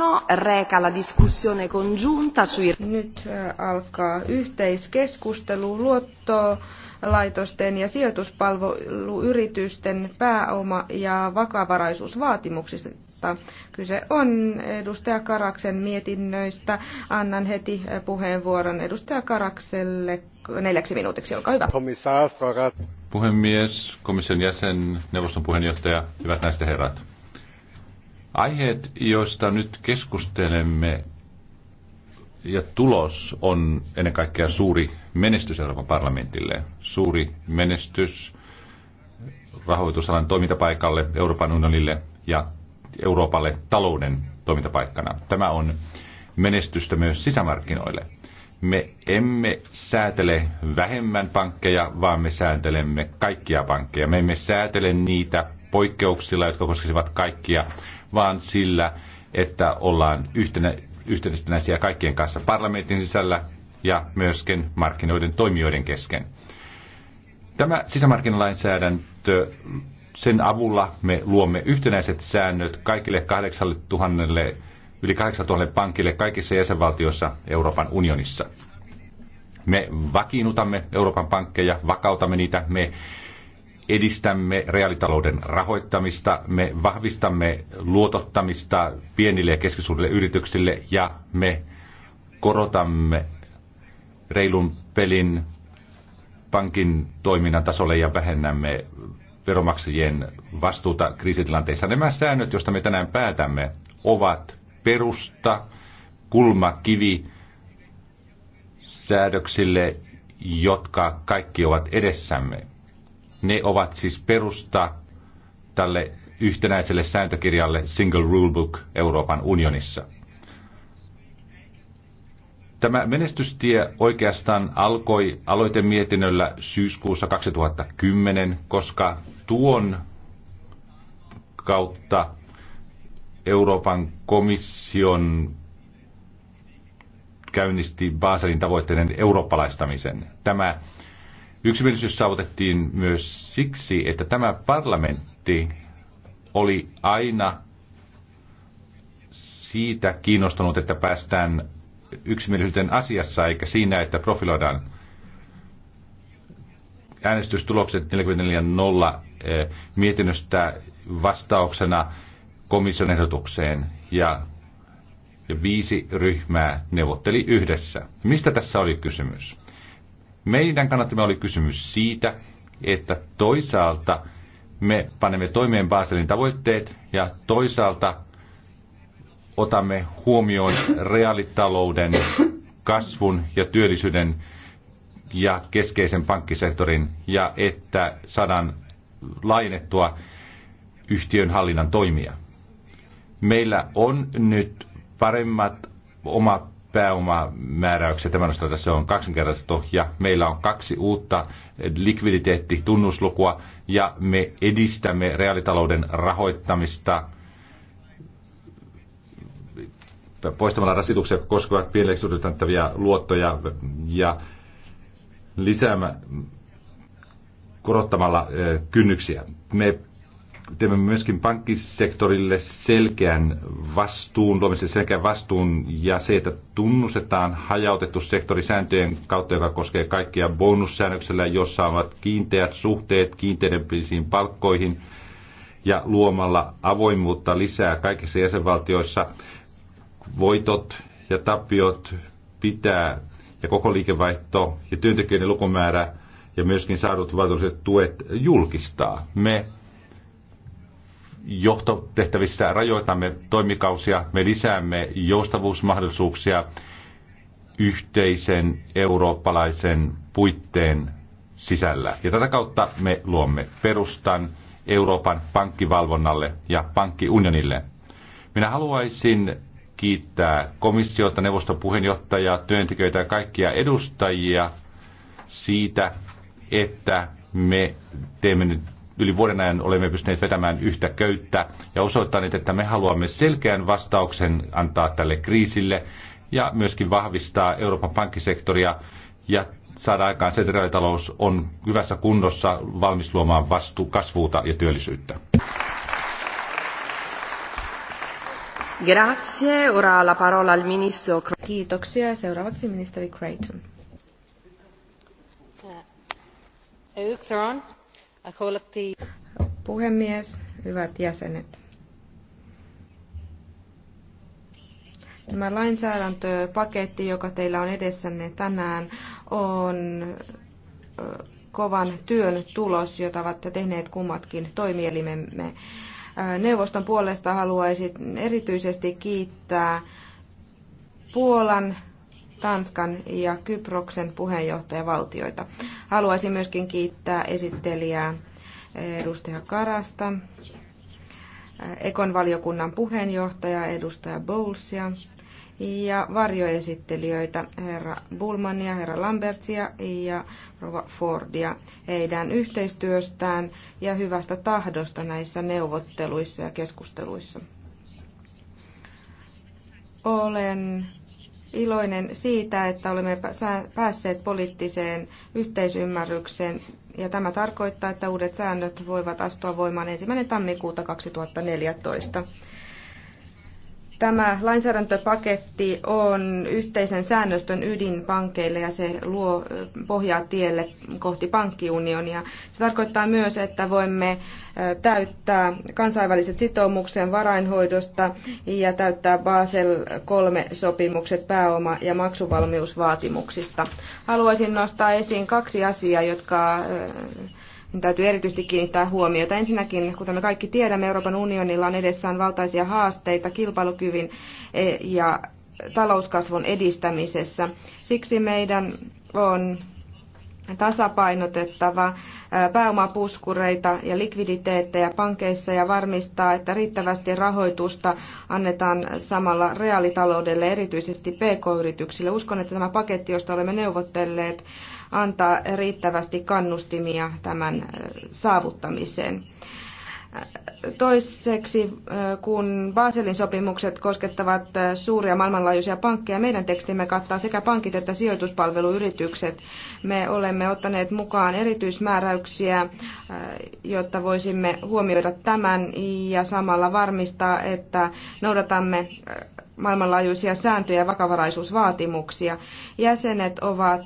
No, la discussione congiunta sui... Nyt alkaa yhteiskeskustelu luottolaitosten ja sijoituspalveluyritysten pääoma- ja vakavaraisuusvaatimuksista. Kyse on edustaja Karaksen mietinnöistä. Annan heti puheenvuoron edustaja Karakselle neljäksi minuutiksi. Olkaa hyvä. Puhemies, komission jäsen, neuvoston puheenjohtaja, hyvät näistä herrat. Aiheet, joista nyt keskustelemme ja tulos on ennen kaikkea suuri menestys Euroopan parlamentille. Suuri menestys rahoitusalan toimintapaikalle, Euroopan unionille ja Euroopalle talouden toimintapaikkana. Tämä on menestystä myös sisämarkkinoille. Me emme säätele vähemmän pankkeja, vaan me säätelemme kaikkia pankkeja. Me emme säätele niitä poikkeuksilla, jotka koskisivat kaikkia vaan sillä, että ollaan yhtenä, yhtenäisiä kaikkien kanssa parlamentin sisällä ja myöskin markkinoiden toimijoiden kesken. Tämä sisämarkkinalainsäädäntö, sen avulla me luomme yhtenäiset säännöt kaikille 8000, yli 8000 pankille kaikissa jäsenvaltioissa Euroopan unionissa. Me vakiinnutamme Euroopan pankkeja, vakautamme niitä, me edistämme reaalitalouden rahoittamista, me vahvistamme luotottamista pienille ja keskisuurille yrityksille ja me korotamme reilun pelin pankin toiminnan tasolle ja vähennämme veromaksajien vastuuta kriisitilanteissa. Nämä säännöt, joista me tänään päätämme, ovat perusta, kulmakivi säädöksille, jotka kaikki ovat edessämme. Ne ovat siis perusta tälle yhtenäiselle sääntökirjalle Single Rule Book Euroopan unionissa. Tämä menestystie oikeastaan alkoi aloitemietinnöllä syyskuussa 2010, koska tuon kautta Euroopan komission käynnisti Baselin tavoitteiden eurooppalaistamisen. Tämä Yksimielisyys saavutettiin myös siksi, että tämä parlamentti oli aina siitä kiinnostunut, että päästään yksimielisyyteen asiassa, eikä siinä, että profiloidaan äänestystulokset 44.0 eh, mietinnöstä vastauksena komission ehdotukseen ja, ja viisi ryhmää neuvotteli yhdessä. Mistä tässä oli kysymys? Meidän kannattamme oli kysymys siitä, että toisaalta me panemme toimeen Baselin tavoitteet ja toisaalta otamme huomioon reaalitalouden kasvun ja työllisyyden ja keskeisen pankkisektorin ja että saadaan lainettua yhtiön hallinnan toimia. Meillä on nyt paremmat omat pääomamääräyksiä. Tämän osalta se on kaksinkertaistettu ja meillä on kaksi uutta likviditeettitunnuslukua ja me edistämme reaalitalouden rahoittamista poistamalla rasituksia, koskevat koskevat pienelleksi luottoja ja lisäämä, korottamalla eh, kynnyksiä. Me teemme myöskin pankkisektorille selkeän vastuun, luomisen selkeän vastuun ja se, että tunnustetaan hajautettu sektori sääntöjen kautta, joka koskee kaikkia bonussäännöksellä, jossa ovat kiinteät suhteet kiinteiden palkkoihin ja luomalla avoimuutta lisää kaikissa jäsenvaltioissa. Voitot ja tappiot pitää ja koko liikevaihto ja työntekijöiden lukumäärä ja myöskin saadut valtuulliset tuet julkistaa. Me johtotehtävissä rajoitamme toimikausia, me lisäämme joustavuusmahdollisuuksia yhteisen eurooppalaisen puitteen sisällä. Ja tätä kautta me luomme perustan Euroopan pankkivalvonnalle ja pankkiunionille. Minä haluaisin kiittää komissiota, neuvoston puheenjohtajaa, työntekijöitä ja kaikkia edustajia siitä, että me teemme nyt Yli vuoden ajan olemme pystyneet vetämään yhtä köyttä ja osoittaneet, että me haluamme selkeän vastauksen antaa tälle kriisille ja myöskin vahvistaa Euroopan pankkisektoria ja saada aikaan se, että reaalitalous on hyvässä kunnossa valmis luomaan vastu, kasvuuta ja työllisyyttä. Grazie. Ora la parola al ministro. Kiitoksia. Seuraavaksi ministeri Creighton. Uh, Ei, on. Puhemies, hyvät jäsenet. Tämä lainsäädäntöpaketti, joka teillä on edessänne tänään, on kovan työn tulos, jota ovat tehneet kummatkin toimielimemme. Neuvoston puolesta haluaisin erityisesti kiittää Puolan Tanskan ja Kyproksen puheenjohtajavaltioita. Haluaisin myöskin kiittää esittelijää eh, edustaja Karasta, eh, Ekon valiokunnan puheenjohtaja edustaja Bowlesia ja varjoesittelijöitä herra Bulmania, herra Lambertsia ja rova Fordia heidän yhteistyöstään ja hyvästä tahdosta näissä neuvotteluissa ja keskusteluissa. Olen iloinen siitä, että olemme päässeet poliittiseen yhteisymmärrykseen ja tämä tarkoittaa, että uudet säännöt voivat astua voimaan ensimmäinen tammikuuta 2014. Tämä lainsäädäntöpaketti on yhteisen säännöstön ydin pankeille ja se luo pohjaa tielle kohti pankkiunionia. Se tarkoittaa myös, että voimme täyttää kansainväliset sitoumuksen varainhoidosta ja täyttää Basel 3-sopimukset pääoma- ja maksuvalmiusvaatimuksista. Haluaisin nostaa esiin kaksi asiaa, jotka niin täytyy erityisesti kiinnittää huomiota. Ensinnäkin, kuten me kaikki tiedämme, Euroopan unionilla on edessään valtaisia haasteita kilpailukyvin e, ja talouskasvun edistämisessä. Siksi meidän on tasapainotettava e, pääomapuskureita ja likviditeettejä pankeissa ja varmistaa, että riittävästi rahoitusta annetaan samalla reaalitaloudelle, erityisesti pk-yrityksille. Uskon, että tämä paketti, josta olemme neuvotelleet, antaa riittävästi kannustimia tämän saavuttamiseen. Toiseksi, kun Baselin sopimukset koskettavat suuria maailmanlaajuisia pankkeja, meidän tekstimme kattaa sekä pankit että sijoituspalveluyritykset. Me olemme ottaneet mukaan erityismääräyksiä, jotta voisimme huomioida tämän ja samalla varmistaa, että noudatamme maailmanlaajuisia sääntöjä ja vakavaraisuusvaatimuksia. Jäsenet ovat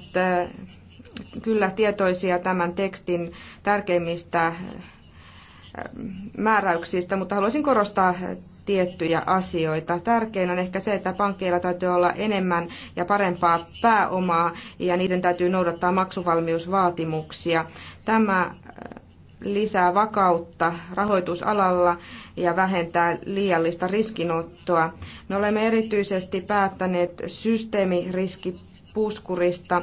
kyllä tietoisia tämän tekstin tärkeimmistä äh, määräyksistä, mutta haluaisin korostaa tiettyjä asioita. Tärkein on ehkä se, että pankkeilla täytyy olla enemmän ja parempaa pääomaa ja niiden täytyy noudattaa maksuvalmiusvaatimuksia. Tämä äh, lisää vakautta rahoitusalalla ja vähentää liiallista riskinottoa. Me olemme erityisesti päättäneet systeemiriskipuskurista, puskurista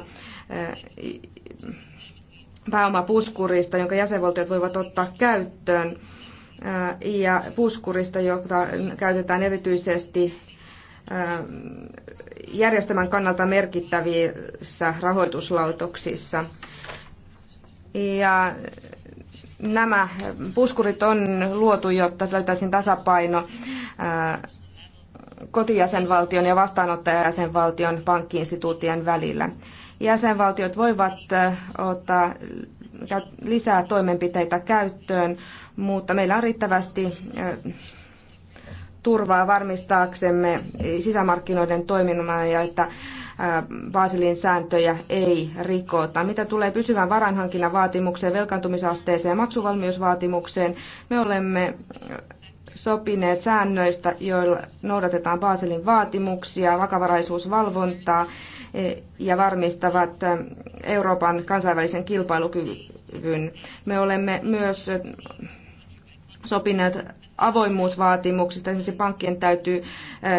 pääomapuskurista, jonka jäsenvaltiot voivat ottaa käyttöön, ja puskurista, jota käytetään erityisesti järjestelmän kannalta merkittävissä rahoituslautoksissa. Ja nämä puskurit on luotu, jotta löytäisiin tasapaino kotijäsenvaltion ja vastaanottajajäsenvaltion pankkiinstituutien välillä. Jäsenvaltiot voivat ottaa lisää toimenpiteitä käyttöön, mutta meillä on riittävästi turvaa varmistaaksemme sisämarkkinoiden toiminnan ja että Baselin sääntöjä ei rikota. Mitä tulee pysyvän varainhankinnan vaatimukseen, velkaantumisasteeseen ja maksuvalmiusvaatimukseen, me olemme sopineet säännöistä, joilla noudatetaan Baselin vaatimuksia, vakavaraisuusvalvontaa eh, ja varmistavat eh, Euroopan kansainvälisen kilpailukyvyn. Me olemme myös eh, sopineet avoimuusvaatimuksista. Esimerkiksi pankkien täytyy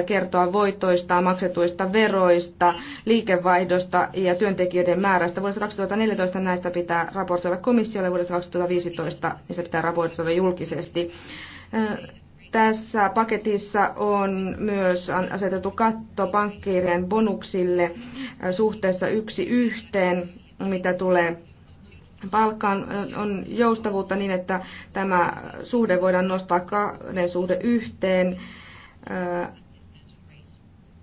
kertoa voitoista, maksetuista veroista, liikevaihdosta ja työntekijöiden määrästä. Vuodesta 2014 näistä pitää raportoida komissiolle, vuodesta 2015 niistä pitää raportoida julkisesti. Tässä paketissa on myös asetettu katto pankkiirien bonuksille äh, suhteessa yksi yhteen, mitä tulee palkkaan. On joustavuutta niin, että tämä suhde voidaan nostaa kahden suhde yhteen äh,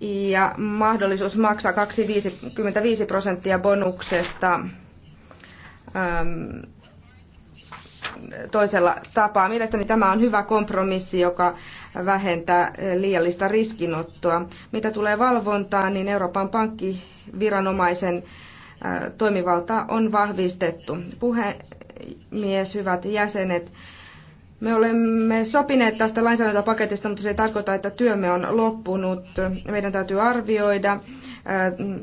ja mahdollisuus maksaa 25 prosenttia bonuksesta toisella tapaa. Mielestäni tämä on hyvä kompromissi, joka vähentää liiallista riskinottoa. Mitä tulee valvontaan, niin Euroopan pankkiviranomaisen äh, toimivalta on vahvistettu. Puhemies, hyvät jäsenet, me olemme sopineet tästä lainsäädäntöpaketista, mutta se ei tarkoita, että työmme on loppunut. Meidän täytyy arvioida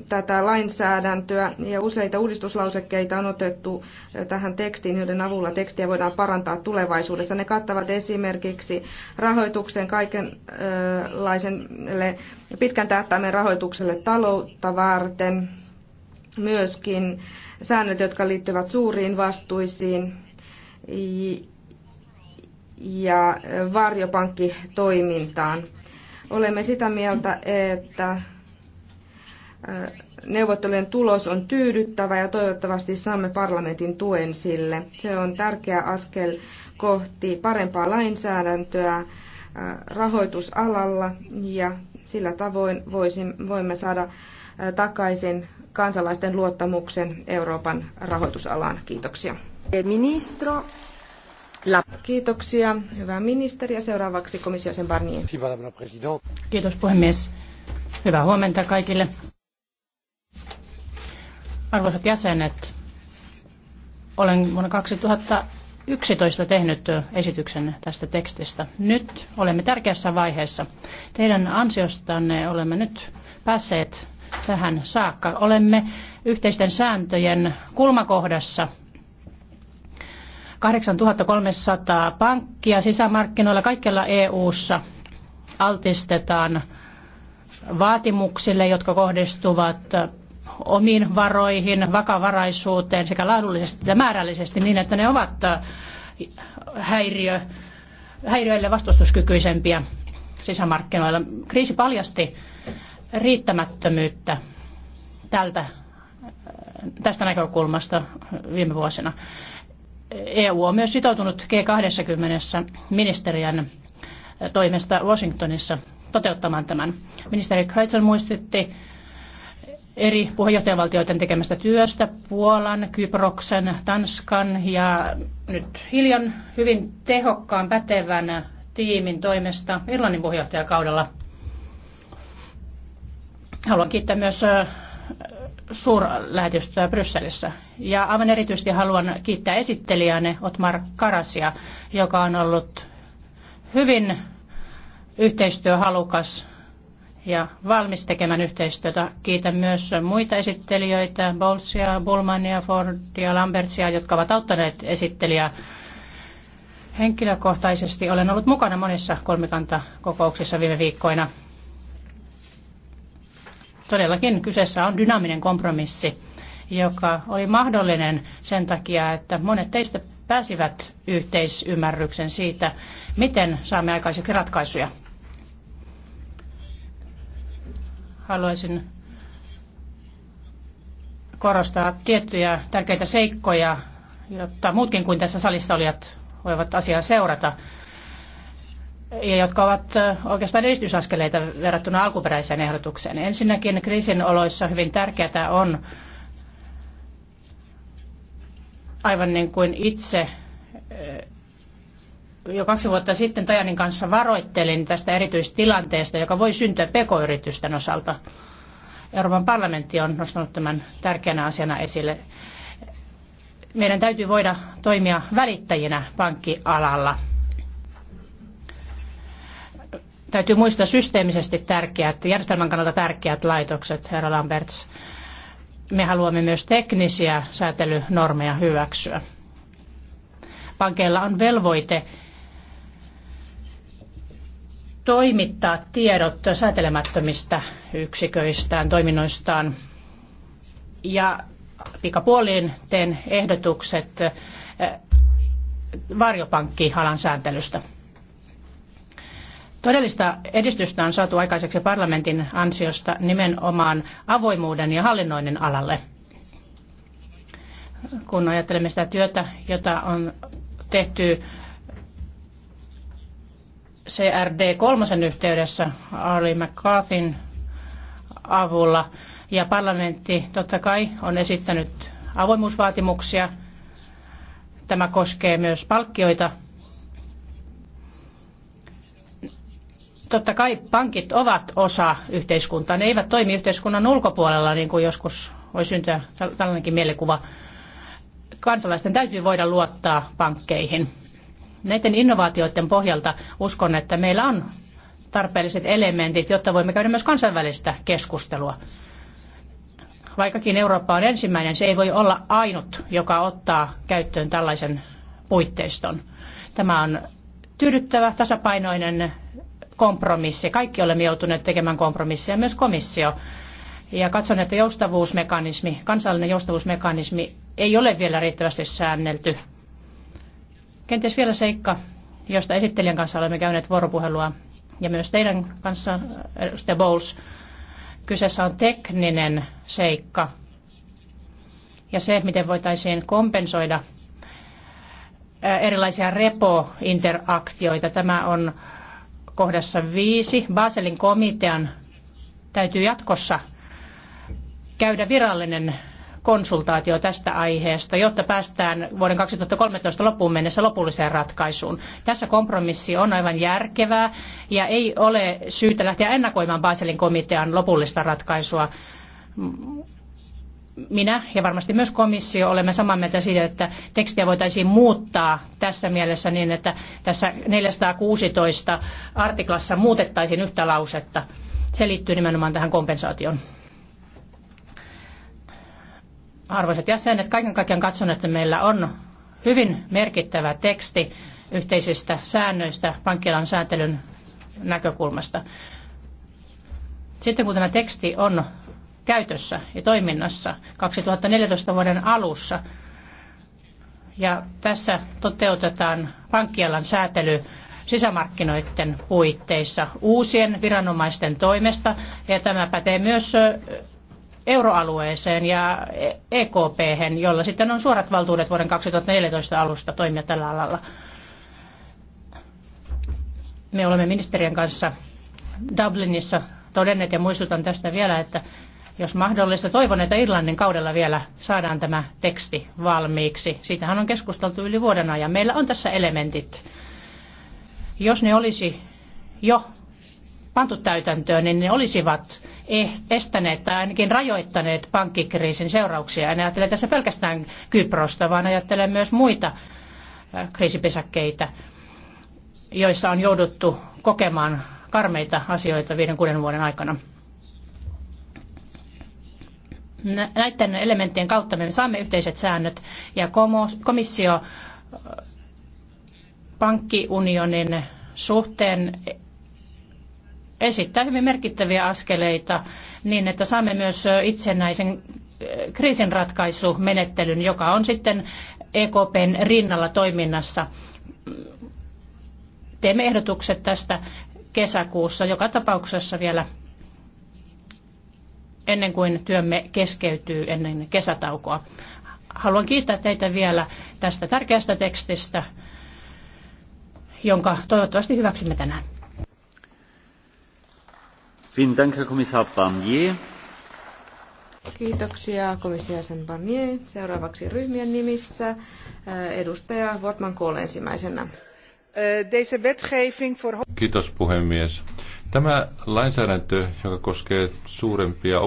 tätä lainsäädäntöä ja useita uudistuslausekkeita on otettu tähän tekstiin, joiden avulla tekstiä voidaan parantaa tulevaisuudessa. Ne kattavat esimerkiksi rahoituksen kaikenlaiselle pitkän tähtäimen rahoitukselle taloutta varten, myöskin säännöt, jotka liittyvät suuriin vastuisiin ja varjopankkitoimintaan. Olemme sitä mieltä, että Neuvottelujen tulos on tyydyttävä ja toivottavasti saamme parlamentin tuen sille. Se on tärkeä askel kohti parempaa lainsäädäntöä rahoitusalalla ja sillä tavoin voimme saada takaisin kansalaisten luottamuksen Euroopan rahoitusalaan. Kiitoksia. Ministro. Kiitoksia, hyvä ministeri. Ja seuraavaksi komissiosen Barnier. Kiitos puhemies. Hyvää huomenta kaikille. Arvoisat jäsenet, olen vuonna 2011 tehnyt esityksen tästä tekstistä. Nyt olemme tärkeässä vaiheessa. Teidän ansiostanne olemme nyt päässeet tähän saakka. Olemme yhteisten sääntöjen kulmakohdassa 8300 pankkia sisämarkkinoilla kaikkialla EU-ssa altistetaan vaatimuksille, jotka kohdistuvat omiin varoihin, vakavaraisuuteen sekä laadullisesti ja määrällisesti niin, että ne ovat äh, häiriö, häiriöille vastustuskykyisempiä sisämarkkinoilla. Kriisi paljasti riittämättömyyttä tältä, äh, tästä näkökulmasta viime vuosina. EU on myös sitoutunut G20 ministeriön äh, toimesta Washingtonissa toteuttamaan tämän. Ministeri Kreitzel muistutti eri puheenjohtajavaltioiden tekemästä työstä, Puolan, Kyproksen, Tanskan ja nyt hiljan hyvin tehokkaan pätevän tiimin toimesta Irlannin puheenjohtajakaudella. Haluan kiittää myös suurlähetystöä Brysselissä. Ja aivan erityisesti haluan kiittää esittelijäne Otmar Karasia, joka on ollut hyvin yhteistyöhalukas ja valmis tekemään yhteistyötä. Kiitän myös muita esittelijöitä, Bolsia, Bulmania, Fordia, Lambertsia, jotka ovat auttaneet esittelijää. Henkilökohtaisesti olen ollut mukana monissa kolmikantakokouksissa viime viikkoina. Todellakin kyseessä on dynaaminen kompromissi, joka oli mahdollinen sen takia, että monet teistä pääsivät yhteisymmärryksen siitä, miten saamme aikaiseksi ratkaisuja. haluaisin korostaa tiettyjä tärkeitä seikkoja, jotta muutkin kuin tässä salissa olijat voivat asiaa seurata ja jotka ovat oikeastaan edistysaskeleita verrattuna alkuperäiseen ehdotukseen. Ensinnäkin kriisin oloissa hyvin tärkeää on, aivan niin kuin itse jo kaksi vuotta sitten Tajanin kanssa varoittelin tästä erityistilanteesta, joka voi syntyä pekoyritysten osalta. Euroopan parlamentti on nostanut tämän tärkeänä asiana esille. Meidän täytyy voida toimia välittäjinä pankkialalla. Täytyy muistaa systeemisesti tärkeät, järjestelmän kannalta tärkeät laitokset, herra Lamberts. Me haluamme myös teknisiä säätelynormeja hyväksyä pankeilla on velvoite toimittaa tiedot säätelemättömistä yksiköistään, toiminnoistaan. Ja pikapuoliin teen ehdotukset eh, varjopankkialan sääntelystä. Todellista edistystä on saatu aikaiseksi parlamentin ansiosta nimenomaan avoimuuden ja hallinnoinnin alalle. Kun ajattelemme sitä työtä, jota on tehty CRD kolmosen yhteydessä Ali McCarthyn avulla. Ja parlamentti totta kai on esittänyt avoimuusvaatimuksia. Tämä koskee myös palkkioita. Totta kai pankit ovat osa yhteiskuntaa. Ne eivät toimi yhteiskunnan ulkopuolella, niin kuin joskus voi syntyä tällainenkin mielikuva. Kansalaisten täytyy voida luottaa pankkeihin. Näiden innovaatioiden pohjalta uskon, että meillä on tarpeelliset elementit, jotta voimme käydä myös kansainvälistä keskustelua. Vaikkakin Eurooppa on ensimmäinen, se ei voi olla ainut, joka ottaa käyttöön tällaisen puitteiston. Tämä on tyydyttävä, tasapainoinen kompromissi. Kaikki olemme joutuneet tekemään kompromisseja, myös komissio. Ja katson, että joustavuusmekanismi, kansallinen joustavuusmekanismi ei ole vielä riittävästi säännelty Kenties vielä seikka, josta esittelijän kanssa olemme käyneet vuoropuhelua ja myös teidän kanssa, edustaja Bowles. Kyseessä on tekninen seikka ja se, miten voitaisiin kompensoida erilaisia repo-interaktioita. Tämä on kohdassa viisi. Baselin komitean täytyy jatkossa käydä virallinen konsultaatio tästä aiheesta, jotta päästään vuoden 2013 loppuun mennessä lopulliseen ratkaisuun. Tässä kompromissi on aivan järkevää ja ei ole syytä lähteä ennakoimaan Baselin komitean lopullista ratkaisua. Minä ja varmasti myös komissio olemme samaa mieltä siitä, että tekstiä voitaisiin muuttaa tässä mielessä niin, että tässä 416 artiklassa muutettaisiin yhtä lausetta. Se liittyy nimenomaan tähän kompensaatioon arvoisat jäsenet, kaiken kaikkiaan katson, että meillä on hyvin merkittävä teksti yhteisistä säännöistä pankkialan sääntelyn näkökulmasta. Sitten kun tämä teksti on käytössä ja toiminnassa 2014 vuoden alussa, ja tässä toteutetaan pankkialan säätely sisämarkkinoiden puitteissa uusien viranomaisten toimesta, ja tämä pätee myös euroalueeseen ja EKP, jolla sitten on suorat valtuudet vuoden 2014 alusta toimia tällä alalla. Me olemme ministerien kanssa Dublinissa todenneet ja muistutan tästä vielä, että jos mahdollista, toivon, että Irlannin kaudella vielä saadaan tämä teksti valmiiksi. Siitähän on keskusteltu yli vuoden ajan. Meillä on tässä elementit. Jos ne olisi jo pantu täytäntöön, niin ne olisivat Eh, estäneet tai ainakin rajoittaneet pankkikriisin seurauksia. En ajattele tässä pelkästään Kyprosta, vaan ajattelen myös muita eh, kriisipesäkkeitä, joissa on jouduttu kokemaan karmeita asioita viiden kuuden vuoden aikana. Näiden elementtien kautta me saamme yhteiset säännöt ja komissio eh, pankkiunionin suhteen esittää hyvin merkittäviä askeleita niin, että saamme myös itsenäisen eh, kriisinratkaisumenettelyn, joka on sitten EKPn rinnalla toiminnassa. Teemme ehdotukset tästä kesäkuussa joka tapauksessa vielä ennen kuin työmme keskeytyy ennen kesätaukoa. Haluan kiittää teitä vielä tästä tärkeästä tekstistä, jonka toivottavasti hyväksymme tänään. Kiitoksia komission jäsen Barnier. Seuraavaksi ryhmien nimissä äh, edustaja Wortman Kool ensimmäisenä. Äh, Kiitos puhemies. Tämä lainsäädäntö, joka koskee suurempia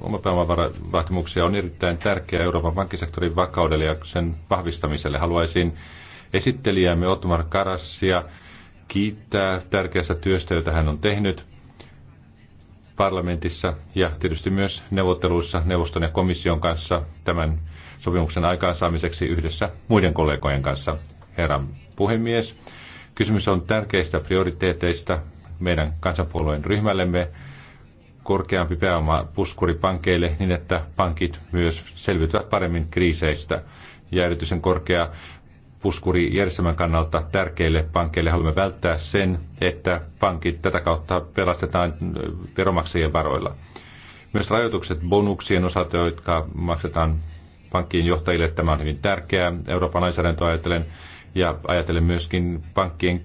omapääomavaatimuksia, on erittäin tärkeä Euroopan pankkisektorin vakaudelle ja sen vahvistamiselle. Haluaisin esittelijämme Otmar Karassia kiittää tärkeästä työstä, jota hän on tehnyt parlamentissa ja tietysti myös neuvotteluissa neuvoston ja komission kanssa tämän sopimuksen aikaansaamiseksi yhdessä muiden kollegojen kanssa. Herra puhemies, kysymys on tärkeistä prioriteeteista meidän kansanpuolueen ryhmällemme korkeampi pääoma puskuri pankeille niin, että pankit myös selviytyvät paremmin kriiseistä. Ja erityisen korkea puskurijärjestelmän kannalta tärkeille pankeille. Haluamme välttää sen, että pankit tätä kautta pelastetaan äh, veromaksajien varoilla. Myös rajoitukset bonuksien osalta, jotka maksetaan pankkien johtajille, tämä on hyvin tärkeää Euroopan lainsäädäntöä ajatellen ja ajatellen myöskin pankkien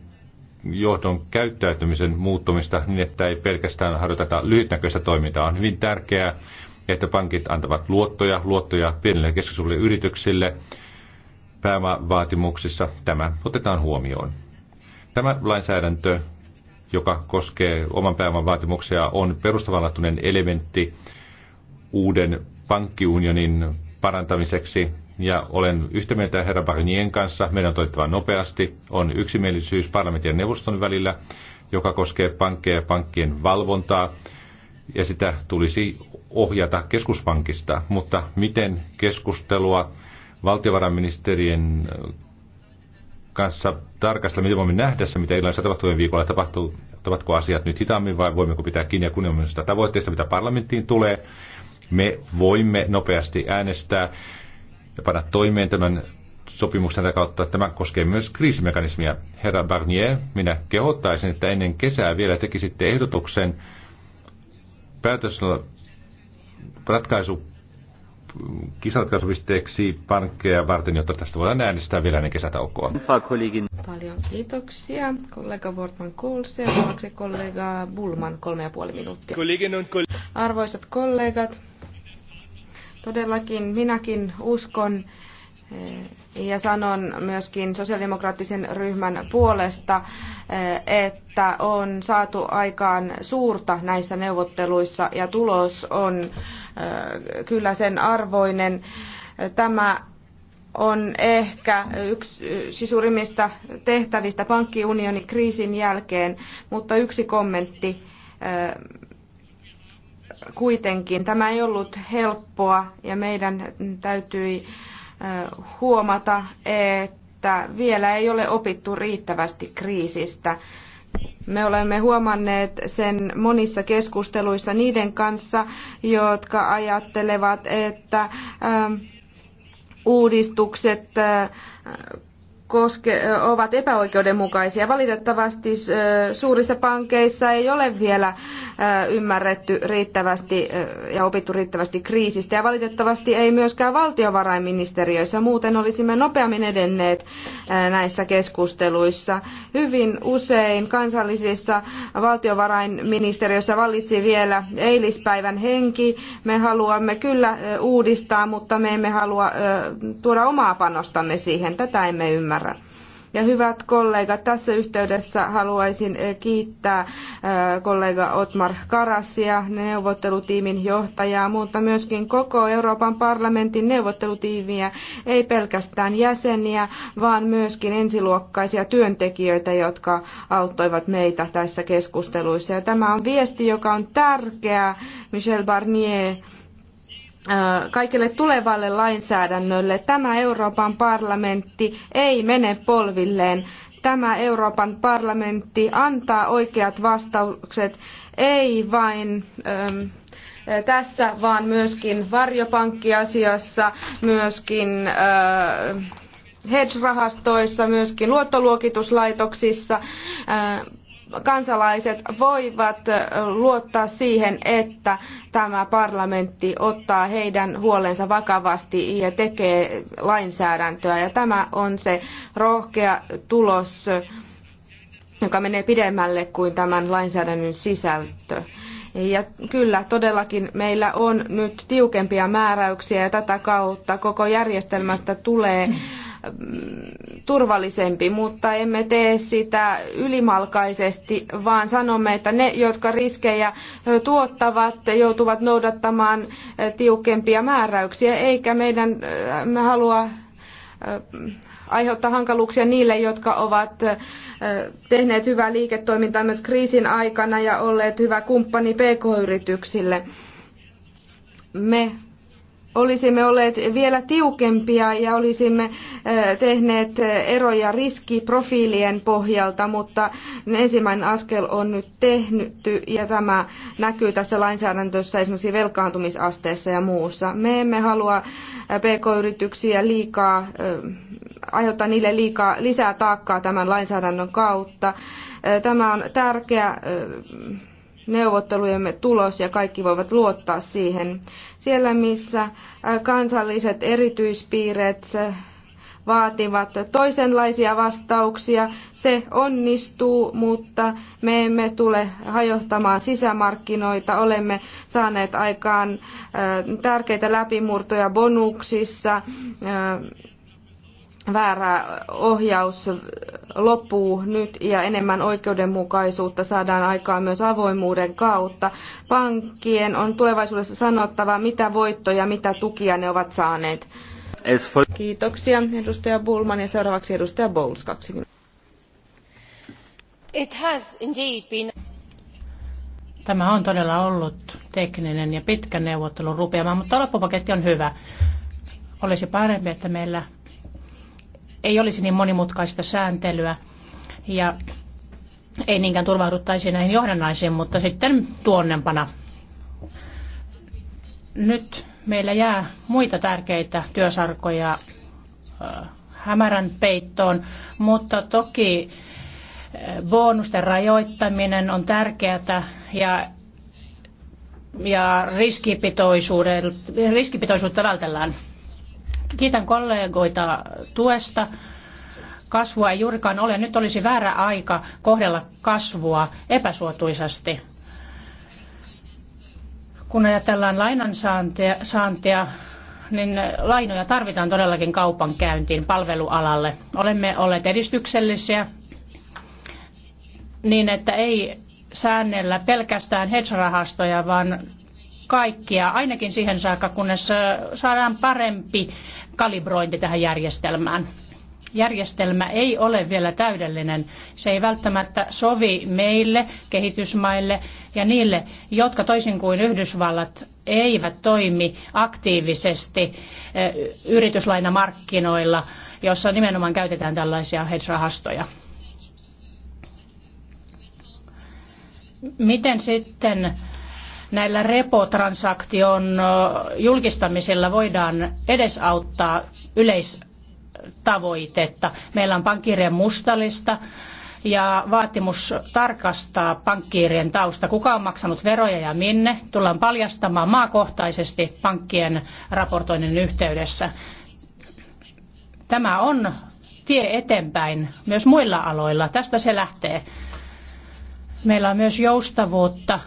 johdon käyttäytymisen muuttumista niin, että ei pelkästään harjoiteta lyhytnäköistä toimintaa. On hyvin tärkeää, että pankit antavat luottoja, luottoja pienille ja keskisuurille yrityksille, pääomavaatimuksissa tämä otetaan huomioon. Tämä lainsäädäntö, joka koskee oman pääoman vaatimuksia, on perustavanlaatuinen elementti uuden pankkiunionin parantamiseksi. Ja olen yhtä mieltä herra Barnien kanssa. Meidän on toittava nopeasti. On yksimielisyys parlamentin ja neuvoston välillä, joka koskee pankkeja ja pankkien valvontaa. Ja sitä tulisi ohjata keskuspankista. Mutta miten keskustelua valtiovarainministerien äh, kanssa tarkastella, miten voimme nähdä se, mitä erilaisissa tapahtuvien viikolla, tapahtuu, tapahtuvatko asiat nyt hitaammin vai voimmeko pitää kiinni ja sitä. tavoitteista, mitä parlamenttiin tulee. Me voimme nopeasti äänestää ja panna toimeen tämän sopimuksen tätä kautta. Tämä koskee myös kriisimekanismia. Herra Barnier, minä kehottaisin, että ennen kesää vielä tekisitte ehdotuksen päätös ratkaisu kisakasvisteeksi pankkeja varten, jotta tästä voidaan äänestää vielä ennen kesätaukoa. Paljon kiitoksia kollega Wortman Kols ja kollega Bulman kolme ja puoli minuuttia. Arvoisat kollegat, todellakin minäkin uskon eh, ja sanon myöskin sosiaalidemokraattisen ryhmän puolesta, eh, että on saatu aikaan suurta näissä neuvotteluissa ja tulos on kyllä sen arvoinen. Tämä on ehkä yksi suurimmista tehtävistä pankkiunionin kriisin jälkeen, mutta yksi kommentti kuitenkin. Tämä ei ollut helppoa ja meidän täytyi huomata, että vielä ei ole opittu riittävästi kriisistä. Me olemme huomanneet sen monissa keskusteluissa niiden kanssa, jotka ajattelevat, että ähm, uudistukset äh, koske, ovat epäoikeudenmukaisia. Valitettavasti suurissa pankeissa ei ole vielä ymmärretty riittävästi ja opittu riittävästi kriisistä ja valitettavasti ei myöskään valtiovarainministeriöissä. Muuten olisimme nopeammin edenneet näissä keskusteluissa. Hyvin usein kansallisissa valtiovarainministeriöissä vallitsi vielä eilispäivän henki. Me haluamme kyllä uudistaa, mutta me emme halua tuoda omaa panostamme siihen. Tätä emme ymmärrä ymmärrä. Ja hyvät kollegat, tässä yhteydessä haluaisin eh, kiittää eh, kollega Otmar Karasia, neuvottelutiimin johtajaa, mutta myöskin koko Euroopan parlamentin neuvottelutiimiä, ei pelkästään jäseniä, vaan myöskin ensiluokkaisia työntekijöitä, jotka auttoivat meitä tässä keskusteluissa. Ja tämä on viesti, joka on tärkeä Michel Barnier kaikelle tulevalle lainsäädännölle. Tämä Euroopan parlamentti ei mene polvilleen. Tämä Euroopan parlamentti antaa oikeat vastaukset, ei vain ähm, tässä, vaan myöskin varjopankkiasiassa, myöskin äh, hedge-rahastoissa, myöskin luottoluokituslaitoksissa. Äh, kansalaiset voivat luottaa siihen, että tämä parlamentti ottaa heidän huolensa vakavasti ja tekee lainsäädäntöä. Ja tämä on se rohkea tulos, joka menee pidemmälle kuin tämän lainsäädännön sisältö. Ja kyllä, todellakin meillä on nyt tiukempia määräyksiä ja tätä kautta koko järjestelmästä tulee turvallisempi, mutta emme tee sitä ylimalkaisesti, vaan sanomme, että ne, jotka riskejä tuottavat, joutuvat noudattamaan tiukempia määräyksiä, eikä meidän me halua äh, aiheuttaa hankaluuksia niille, jotka ovat äh, tehneet hyvää liiketoimintaa myös kriisin aikana ja olleet hyvä kumppani pk-yrityksille. Me olisimme olleet vielä tiukempia ja olisimme tehneet eroja riskiprofiilien pohjalta, mutta ensimmäinen askel on nyt tehty ja tämä näkyy tässä lainsäädäntössä esimerkiksi velkaantumisasteessa ja muussa. Me emme halua pk-yrityksiä liikaa, aiheuttaa niille liikaa lisää taakkaa tämän lainsäädännön kautta. Tämä on tärkeä neuvottelujemme tulos ja kaikki voivat luottaa siihen. Siellä, missä kansalliset erityispiirret vaativat toisenlaisia vastauksia. Se onnistuu, mutta me emme tule hajottamaan sisämarkkinoita. Olemme saaneet aikaan tärkeitä läpimurtoja bonuksissa väärä ohjaus loppuu nyt ja enemmän oikeudenmukaisuutta saadaan aikaan myös avoimuuden kautta. Pankkien on tulevaisuudessa sanottava, mitä voittoja, mitä tukia ne ovat saaneet. Kiitoksia edustaja Bulman ja seuraavaksi edustaja Bowles kaksi minuuttia. Tämä on todella ollut tekninen ja pitkä neuvottelun rupeama, mutta loppupaketti on hyvä. Olisi parempi, että meillä ei olisi niin monimutkaista sääntelyä ja ei niinkään turvauduttaisi näihin johdannaisiin, mutta sitten tuonnempana. Nyt meillä jää muita tärkeitä työsarkoja hämärän peittoon, mutta toki bonusten rajoittaminen on tärkeää ja, ja riskipitoisuutta vältellään. Kiitän kollegoita tuesta. Kasvua ei juurikaan ole. Nyt olisi väärä aika kohdella kasvua epäsuotuisasti. Kun ajatellaan lainansaantia, niin lainoja tarvitaan todellakin kaupankäyntiin palvelualalle. Olemme olleet edistyksellisiä niin, että ei säännellä pelkästään hedge-rahastoja, vaan kaikkia, ainakin siihen saakka, kunnes saadaan parempi kalibrointi tähän järjestelmään. Järjestelmä ei ole vielä täydellinen. Se ei välttämättä sovi meille, kehitysmaille ja niille, jotka toisin kuin Yhdysvallat eivät toimi aktiivisesti eh, yrityslainamarkkinoilla, jossa nimenomaan käytetään tällaisia hedge-rahastoja. Miten sitten näillä repotransaktion julkistamisella voidaan edesauttaa yleistavoitetta. Meillä on pankkiirien mustalista ja vaatimus tarkastaa pankkiirien tausta, kuka on maksanut veroja ja minne, tullaan paljastamaan maakohtaisesti pankkien raportoinnin yhteydessä. Tämä on tie eteenpäin myös muilla aloilla. Tästä se lähtee. Meillä on myös joustavuutta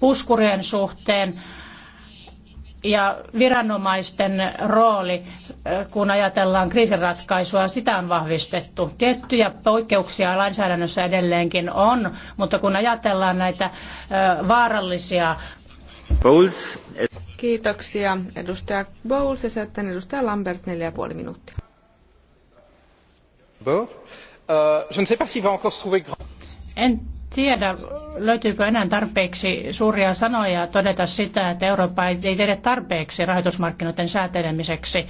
puskurien suhteen ja viranomaisten rooli, kun ajatellaan kriisinratkaisua, sitä on vahvistettu. Tiettyjä poikkeuksia lainsäädännössä edelleenkin on, mutta kun ajatellaan näitä vaarallisia Kiitoksia edustaja Bowles ja sitten edustaja Lambert, neljä puoli minuuttia. En tiedä, löytyykö enää tarpeeksi suuria sanoja todeta sitä, että Eurooppa ei tehdä tarpeeksi rahoitusmarkkinoiden säätelemiseksi.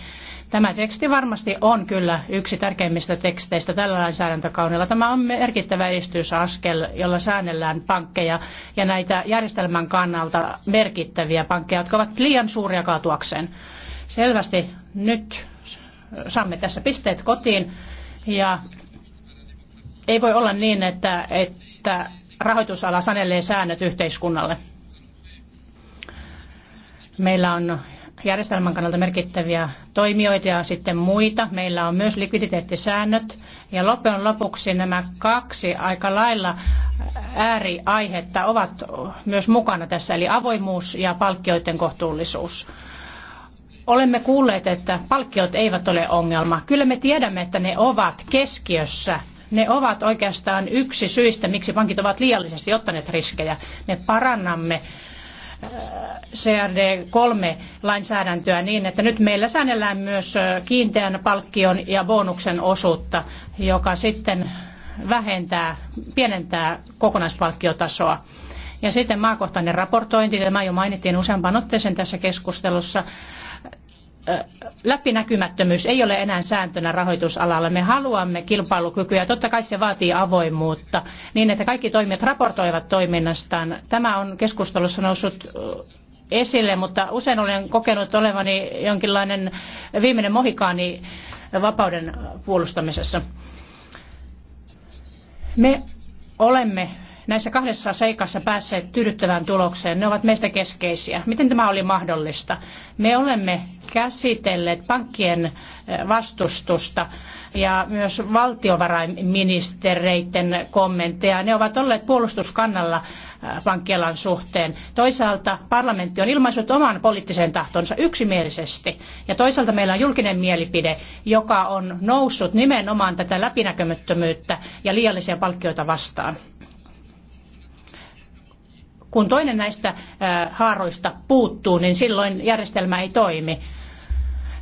Tämä teksti varmasti on kyllä yksi tärkeimmistä teksteistä tällä lainsäädäntökaudella. Tämä on merkittävä edistysaskel, jolla säännellään pankkeja ja näitä järjestelmän kannalta merkittäviä pankkeja, jotka ovat liian suuria kaatuakseen. Selvästi nyt saamme tässä pisteet kotiin ja ei voi olla niin, että, että että rahoitusala sanelee säännöt yhteiskunnalle. Meillä on järjestelmän kannalta merkittäviä toimijoita ja sitten muita. Meillä on myös likviditeettisäännöt ja loppujen lopuksi nämä kaksi aika lailla ääriaihetta ovat myös mukana tässä, eli avoimuus ja palkkioiden kohtuullisuus. Olemme kuulleet, että palkkiot eivät ole ongelma. Kyllä me tiedämme, että ne ovat keskiössä ne ovat oikeastaan yksi syistä, miksi pankit ovat liiallisesti ottaneet riskejä. Me parannamme äh, CRD3-lainsäädäntöä niin, että nyt meillä säännellään myös äh, kiinteän palkkion ja bonuksen osuutta, joka sitten vähentää, pienentää kokonaispalkkiotasoa. Ja sitten maakohtainen raportointi, tämä jo mainittiin useampaan otteeseen tässä keskustelussa läpinäkymättömyys ei ole enää sääntönä rahoitusalalla. Me haluamme kilpailukykyä. Totta kai se vaatii avoimuutta niin, että kaikki toimijat raportoivat toiminnastaan. Tämä on keskustelussa noussut esille, mutta usein olen kokenut olevani jonkinlainen viimeinen mohikaani vapauden puolustamisessa. Me olemme näissä kahdessa seikassa päässeet tyydyttävään tulokseen. Ne ovat meistä keskeisiä. Miten tämä oli mahdollista? Me olemme käsitelleet pankkien eh, vastustusta ja myös valtiovarainministereiden kommentteja. Ne ovat olleet puolustuskannalla eh, pankkialan suhteen. Toisaalta parlamentti on ilmaissut oman poliittisen tahtonsa yksimielisesti. Ja toisaalta meillä on julkinen mielipide, joka on noussut nimenomaan tätä läpinäkymättömyyttä ja liiallisia palkkioita vastaan. Kun toinen näistä haaroista puuttuu, niin silloin järjestelmä ei toimi.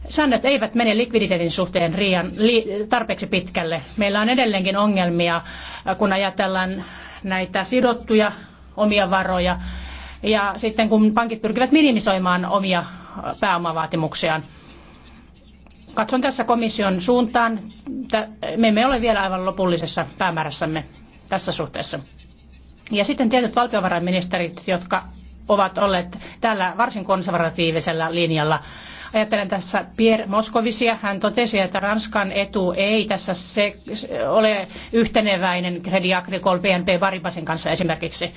Säännöt eivät mene likviditeetin suhteen riian, tarpeeksi pitkälle. Meillä on edelleenkin ongelmia, kun ajatellaan näitä sidottuja omia varoja. Ja sitten kun pankit pyrkivät minimisoimaan omia pääomavaatimuksiaan. Katson tässä komission suuntaan. Me emme ole vielä aivan lopullisessa päämäärässämme tässä suhteessa. Ja sitten tietyt valtiovarainministerit, jotka ovat olleet tällä varsin konservatiivisella linjalla. Ajattelen tässä Pierre Moskovisia. Hän totesi, että Ranskan etu ei tässä se, ole yhteneväinen Credit Agricole BNP Varibasin kanssa esimerkiksi.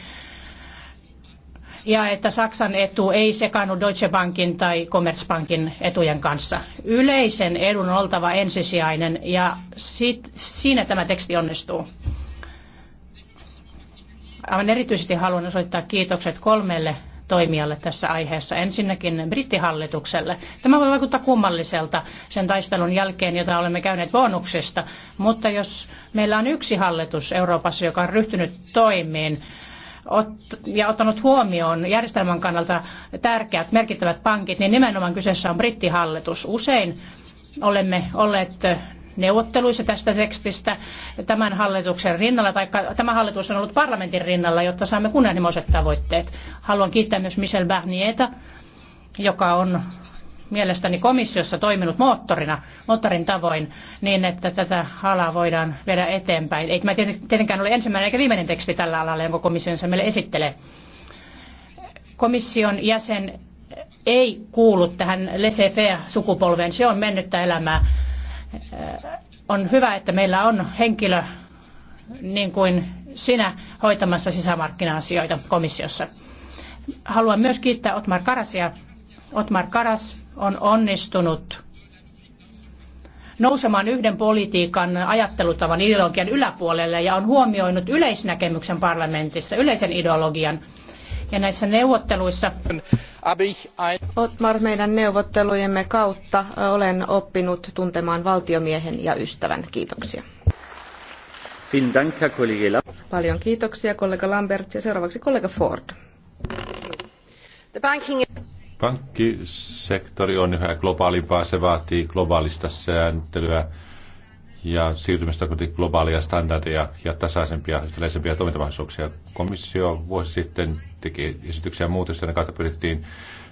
Ja että Saksan etu ei sekaannu Deutsche Bankin tai Commerzbankin etujen kanssa. Yleisen edun on oltava ensisijainen ja sit, siinä tämä teksti onnistuu aivan erityisesti haluan osoittaa kiitokset kolmelle toimijalle tässä aiheessa. Ensinnäkin brittihallitukselle. Tämä voi vaikuttaa kummalliselta sen taistelun jälkeen, jota olemme käyneet bonuksesta, mutta jos meillä on yksi hallitus Euroopassa, joka on ryhtynyt toimiin ja ottanut huomioon järjestelmän kannalta tärkeät, merkittävät pankit, niin nimenomaan kyseessä on brittihallitus. Usein olemme olleet neuvotteluissa tästä tekstistä tämän hallituksen rinnalla, tai tämä hallitus on ollut parlamentin rinnalla, jotta saamme kunnianhimoiset tavoitteet. Haluan kiittää myös Michel Barnierta, joka on mielestäni komissiossa toiminut moottorina, moottorin tavoin, niin että tätä alaa voidaan viedä eteenpäin. Ei tämä tietenkään ole ensimmäinen eikä viimeinen teksti tällä alalla, jonka komissionsa meille esittelee. Komission jäsen ei kuulu tähän laissez-faire-sukupolveen. Se on mennyttä elämää on hyvä, että meillä on henkilö niin kuin sinä hoitamassa sisämarkkina-asioita komissiossa. Haluan myös kiittää Otmar Karasia. Otmar Karas on onnistunut nousemaan yhden politiikan ajattelutavan ideologian yläpuolelle ja on huomioinut yleisnäkemyksen parlamentissa, yleisen ideologian ja näissä neuvotteluissa. Otmar, meidän neuvottelujemme kautta olen oppinut tuntemaan valtiomiehen ja ystävän. Kiitoksia. Paljon kiitoksia kollega Lambert ja seuraavaksi kollega Ford. Pankkisektori on yhä globaalimpaa, se vaatii globaalista sääntelyä ja siirtymistä kohti globaalia standardeja ja tasaisempia, yhtäläisempiä toimintamahdollisuuksia. Komissio vuosi sitten teki esityksiä muutosta, ja kautta pyrittiin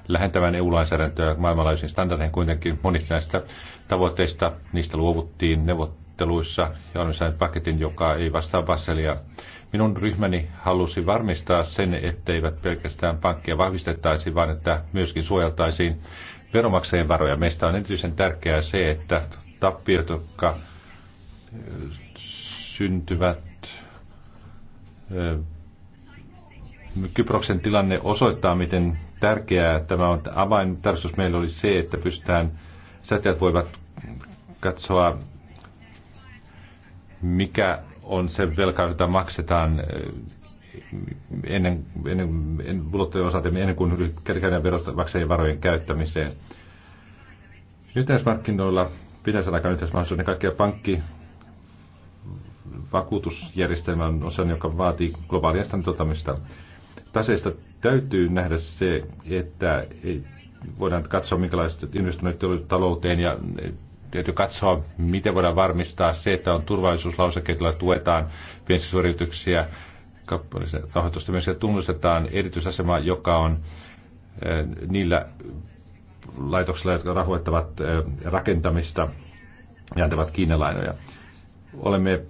lähentämään EU-lainsäädäntöä maailmanlaajuisiin standardeihin. Kuitenkin monista näistä tavoitteista, niistä luovuttiin neuvotteluissa ja on saanut paketin, joka ei vastaa Baselia. Minun ryhmäni halusi varmistaa sen, etteivät pelkästään pankkia vahvistettaisi, vaan että myöskin suojeltaisiin veronmaksajien varoja. Meistä on erityisen tärkeää se, että tappiot, jotka syntyvät. Kyproksen tilanne osoittaa, miten tärkeää tämä on. Avaintarkastus meillä oli se, että pystytään, säteet voivat katsoa, mikä on se velka, jota maksetaan ennen, ennen, ennen osalta, ennen kuin käydään verottavakseen varojen käyttämiseen. Yhteismarkkinoilla pitäisi saada nyt mahdollisuuden kaikkia pankki, vakuutusjärjestelmä on osa, joka vaatii globaalia standardoitamista. Taseista täytyy nähdä se, että voidaan katsoa, minkälaiset investoinnit ovat talouteen ja täytyy katsoa, miten voidaan varmistaa se, että on turvallisuuslausekkeet, joilla tuetaan piensuorituksia, rahoitusta myös tunnustetaan erityisasema, joka on niillä laitoksilla, jotka rahoittavat rakentamista ja antavat kiinalainoja. Olemme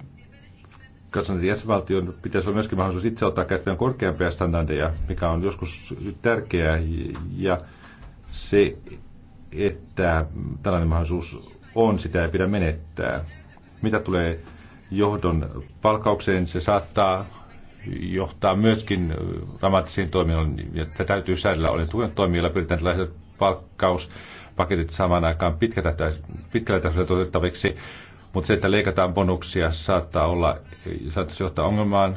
katson, että jäsenvaltion pitäisi olla myöskin mahdollisuus itse ottaa käyttöön korkeampia standardeja, mikä on joskus tärkeää. Ja se, että tällainen mahdollisuus on, sitä ei pidä menettää. Mitä tulee johdon palkaukseen, se saattaa johtaa myöskin dramaattisiin toimijoille, ja tätä täytyy säädellä. Olen tuen toimijoilla, pyritään tällaiset palkkauspaketit samaan aikaan pitkällä tähtäimellä toteuttaviksi. Mutta se, että leikataan bonuksia, saattaa olla, saattaisi johtaa ongelmaan.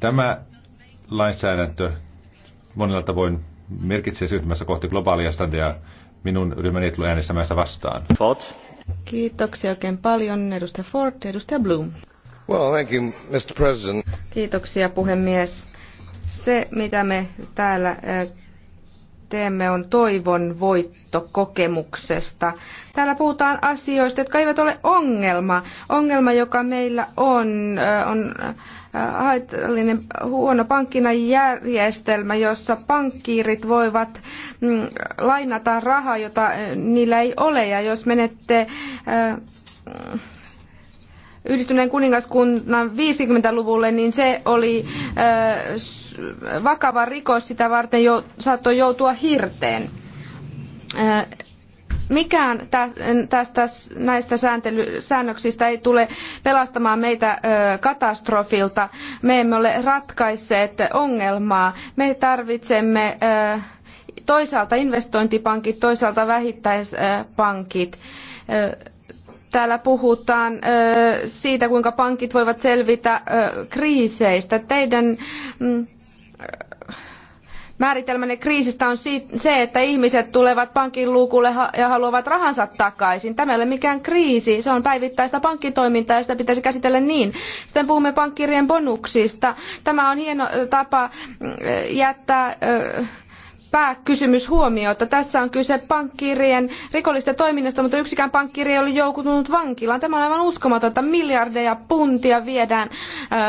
Tämä lainsäädäntö monella tavoin merkitsee siirtymässä kohti globaalia standia Minun ryhmäni ei tule äänestämään vastaan. Ford. Kiitoksia oikein paljon, edustaja Ford ja edustaja Bloom. Well, thank you, Mr. President. Kiitoksia, puhemies. Se, mitä me täällä äh, teemme on toivon voitto kokemuksesta. Täällä puhutaan asioista, jotka eivät ole ongelma. Ongelma, joka meillä on, äh, on äh, haitallinen huono pankkinajärjestelmä, jossa pankkiirit voivat mm, lainata rahaa, jota äh, niillä ei ole. Ja jos menette yhdistyneen kuningaskunnan 50-luvulle, niin se oli vakava rikos, sitä varten jo, saattoi joutua hirteen. Mikään tästä, näistä sääntely, säännöksistä ei tule pelastamaan meitä katastrofilta. Me emme ole ratkaisseet ongelmaa. Me tarvitsemme toisaalta investointipankit, toisaalta vähittäispankit Täällä puhutaan siitä, kuinka pankit voivat selvitä kriiseistä. Teidän mm, määritelmänne kriisistä on se, että ihmiset tulevat pankin luukulle ja haluavat rahansa takaisin. Tämä ei ole mikään kriisi, se on päivittäistä pankkitoimintaa ja sitä pitäisi käsitellä niin. Sitten puhumme pankkirien bonuksista. Tämä on hieno tapa mm, jättää pääkysymys huomiota. Tässä on kyse pankkiirien rikollista toiminnasta, mutta yksikään pankkiiri ei ole joukutunut vankilaan. Tämä on aivan uskomatonta. Miljardeja puntia viedään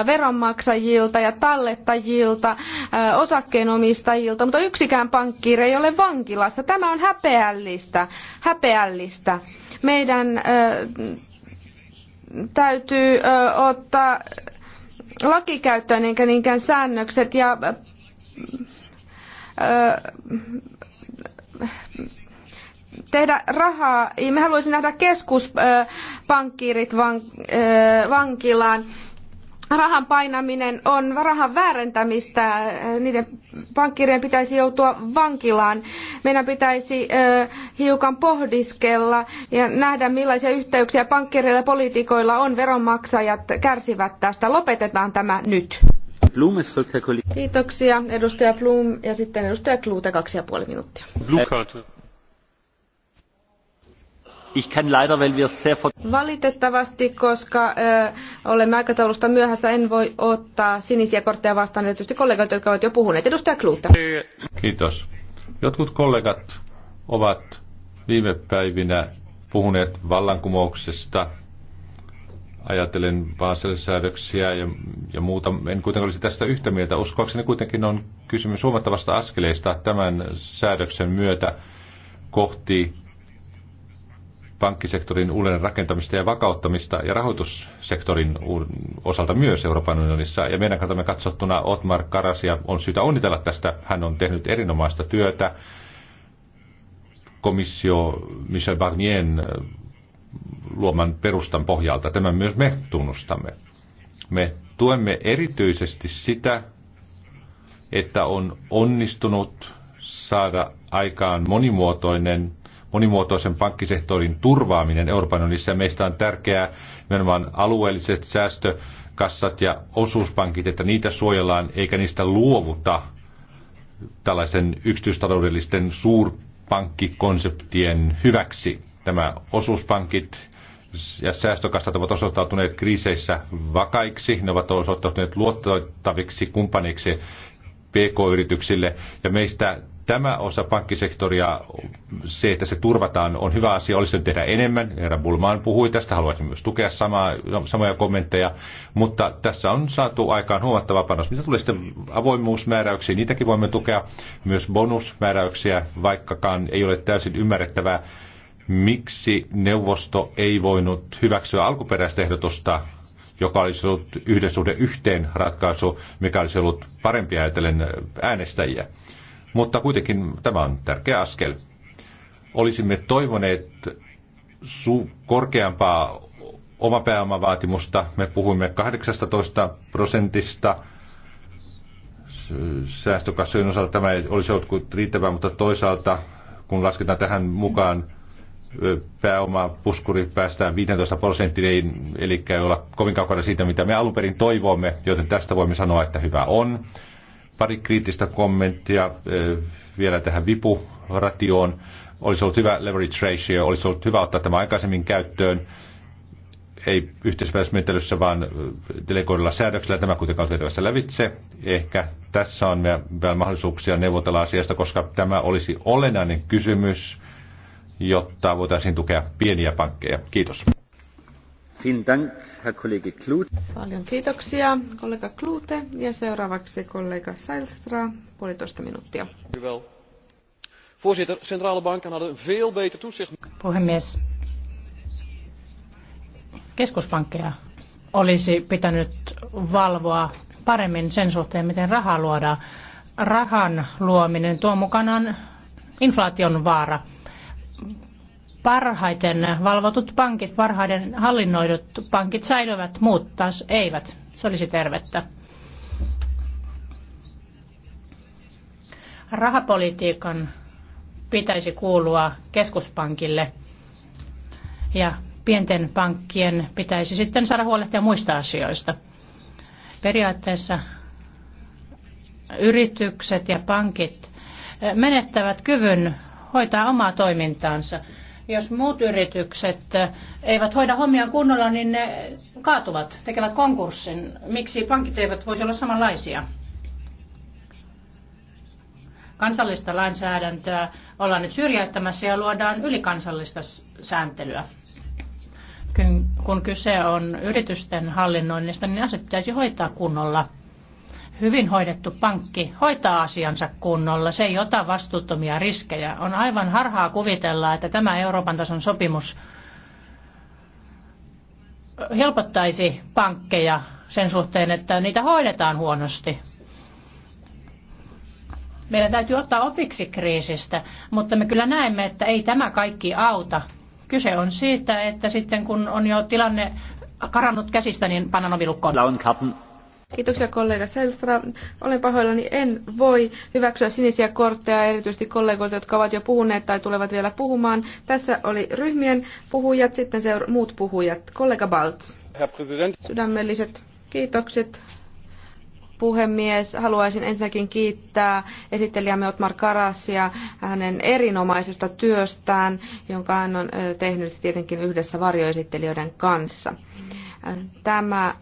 veronmaksajilta ja tallettajilta, osakkeenomistajilta, mutta yksikään pankkiiri ei ole vankilassa. Tämä on häpeällistä. häpeällistä. Meidän täytyy ottaa lakikäyttöön eikä niinkään säännökset ja tehdä rahaa. Me haluaisin nähdä keskuspankkiirit vankilaan. Rahan painaminen on rahan väärentämistä. Niiden pankkirien pitäisi joutua vankilaan. Meidän pitäisi hiukan pohdiskella ja nähdä millaisia yhteyksiä pankkiireilla ja poliitikoilla on. Veronmaksajat kärsivät tästä. Lopetetaan tämä nyt. Kiitoksia edustaja Blum ja sitten edustaja Kluute kaksi ja puoli minuuttia. Ich kann leider, weil wir sehr Valitettavasti, koska äh, olemme aikataulusta myöhässä, en voi ottaa sinisiä kortteja vastaan, tietysti kollegoilta, jotka ovat jo puhuneet. Edustaja Kluute. Kiitos. Jotkut kollegat ovat viime päivinä puhuneet vallankumouksesta – ajatellen Basel-säädöksiä ja, ja muuta. En kuitenkaan olisi tästä yhtä mieltä. Uskoakseni kuitenkin on kysymys huomattavasta askeleista tämän säädöksen myötä kohti pankkisektorin uuden rakentamista ja vakauttamista ja rahoitussektorin osalta myös Euroopan unionissa. Ja meidän kantamme katsottuna Otmar Karasia on syytä onnitella tästä. Hän on tehnyt erinomaista työtä komissio Michel Barnier luoman perustan pohjalta. Tämän myös me tunnustamme. Me tuemme erityisesti sitä, että on onnistunut saada aikaan monimuotoinen, monimuotoisen pankkisektorin turvaaminen Euroopan unionissa. Meistä on tärkeää nimenomaan alueelliset säästökassat ja osuuspankit, että niitä suojellaan eikä niistä luovuta tällaisen yksityistaloudellisten suurpankkikonseptien hyväksi. Nämä osuuspankit ja säästökastat ovat osoittautuneet kriiseissä vakaiksi, ne ovat osoittautuneet luotettaviksi kumppaniksi PK-yrityksille ja meistä tämä osa pankkisektoria, se, että se turvataan, on hyvä asia. Olisi nyt tehdä enemmän. Herra Bulmaan puhui tästä, haluaisin myös tukea samaa, samoja kommentteja. Mutta tässä on saatu aikaan huomattava panos. Mitä tulee sitten avoimuusmääräyksiin, niitäkin voimme tukea. Myös bonusmääräyksiä, vaikkakaan ei ole täysin ymmärrettävää, miksi neuvosto ei voinut hyväksyä alkuperäistä ehdotusta, joka olisi ollut yhden suhde yhteen ratkaisu, mikä olisi ollut parempi ajatellen äänestäjiä. Mutta kuitenkin tämä on tärkeä askel. Olisimme toivoneet su- korkeampaa pääomavaatimusta. Me puhuimme 18 prosentista säästökassojen osalta. Tämä ei olisi ollut riittävää, mutta toisaalta kun lasketaan tähän mukaan pääoma puskuri päästään 15 prosenttiin, eli ei olla kovin kaukana siitä, mitä me alun perin toivoimme, joten tästä voimme sanoa, että hyvä on. Pari kriittistä kommenttia vielä tähän vipuratioon. Olisi ollut hyvä leverage ratio, olisi ollut hyvä ottaa tämä aikaisemmin käyttöön ei yhteisvälismenettelyssä, vaan delegoidulla säädöksellä. Tämä kuitenkaan tehtävässä lävitse. Ehkä tässä on vielä mahdollisuuksia neuvotella asiasta, koska tämä olisi olennainen kysymys jotta voitaisiin tukea pieniä pankkeja. Kiitos. Paljon kiitoksia, kollega Klute. Ja seuraavaksi kollega Seilstra, puolitoista minuuttia. Voorzitter, centrale banken hadden veel beter toezicht. Puhemies, keskuspankkeja olisi pitänyt valvoa paremmin sen suhteen, miten rahaa luodaan. Rahan luominen tuo mukanaan inflaation vaara parhaiten valvotut pankit, parhaiden hallinnoidut pankit säilyvät, muut taas eivät. Se olisi tervettä. Rahapolitiikan pitäisi kuulua keskuspankille ja pienten pankkien pitäisi sitten saada huolehtia muista asioista. Periaatteessa yritykset ja pankit menettävät kyvyn hoitaa omaa toimintaansa. Jos muut yritykset eh, eivät hoida hommia kunnolla, niin ne kaatuvat, tekevät konkurssin. Miksi pankit eivät voisi olla samanlaisia? Kansallista lainsäädäntöä ollaan nyt syrjäyttämässä ja luodaan ylikansallista sääntelyä kun kyse on yritysten hallinnoinnista, niin asiat pitäisi hoitaa kunnolla hyvin hoidettu pankki hoitaa asiansa kunnolla. Se ei ota vastuuttomia riskejä. On aivan harhaa kuvitella, että tämä Euroopan tason sopimus helpottaisi pankkeja sen suhteen, että niitä hoidetaan huonosti. Meidän täytyy ottaa opiksi kriisistä, mutta me kyllä näemme, että ei tämä kaikki auta. Kyse on siitä, että sitten kun on jo tilanne karannut käsistä, niin pannaan ovilukkoon. Kiitoksia kollega Selstra. Olen pahoillani, en voi hyväksyä sinisiä kortteja erityisesti kollegoilta, jotka ovat jo puhuneet tai tulevat vielä puhumaan. Tässä oli ryhmien puhujat, sitten seura- muut puhujat. Kollega Baltz. Sydämelliset kiitokset puhemies. Haluaisin ensinnäkin kiittää esittelijämme Otmar Karasia hänen erinomaisesta työstään, jonka hän on tehnyt tietenkin yhdessä varjoesittelijöiden kanssa. Tämä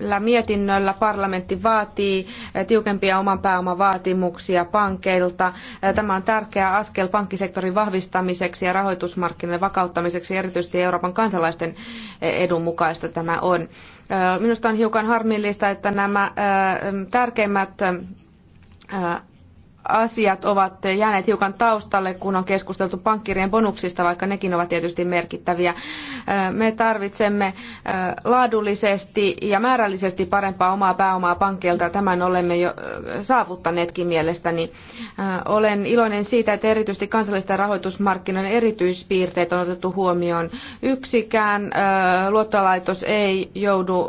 Tällä mietinnöllä parlamentti vaatii eh, tiukempia oman pääoman vaatimuksia pankeilta. Eh, tämä on tärkeä askel pankkisektorin vahvistamiseksi ja rahoitusmarkkinoiden vakauttamiseksi, erityisesti Euroopan kansalaisten eh, edun mukaista tämä on. Minusta on hiukan harmillista, että nämä tärkeimmät asiat ovat jääneet hiukan taustalle, kun on keskusteltu pankkirien bonuksista, vaikka nekin ovat tietysti merkittäviä. Me tarvitsemme laadullisesti ja määrällisesti parempaa omaa pääomaa pankkeilta. Tämän olemme jo saavuttaneetkin mielestäni. Olen iloinen siitä, että erityisesti kansallisten rahoitusmarkkinoiden erityispiirteet on otettu huomioon. Yksikään luottolaitos ei joudu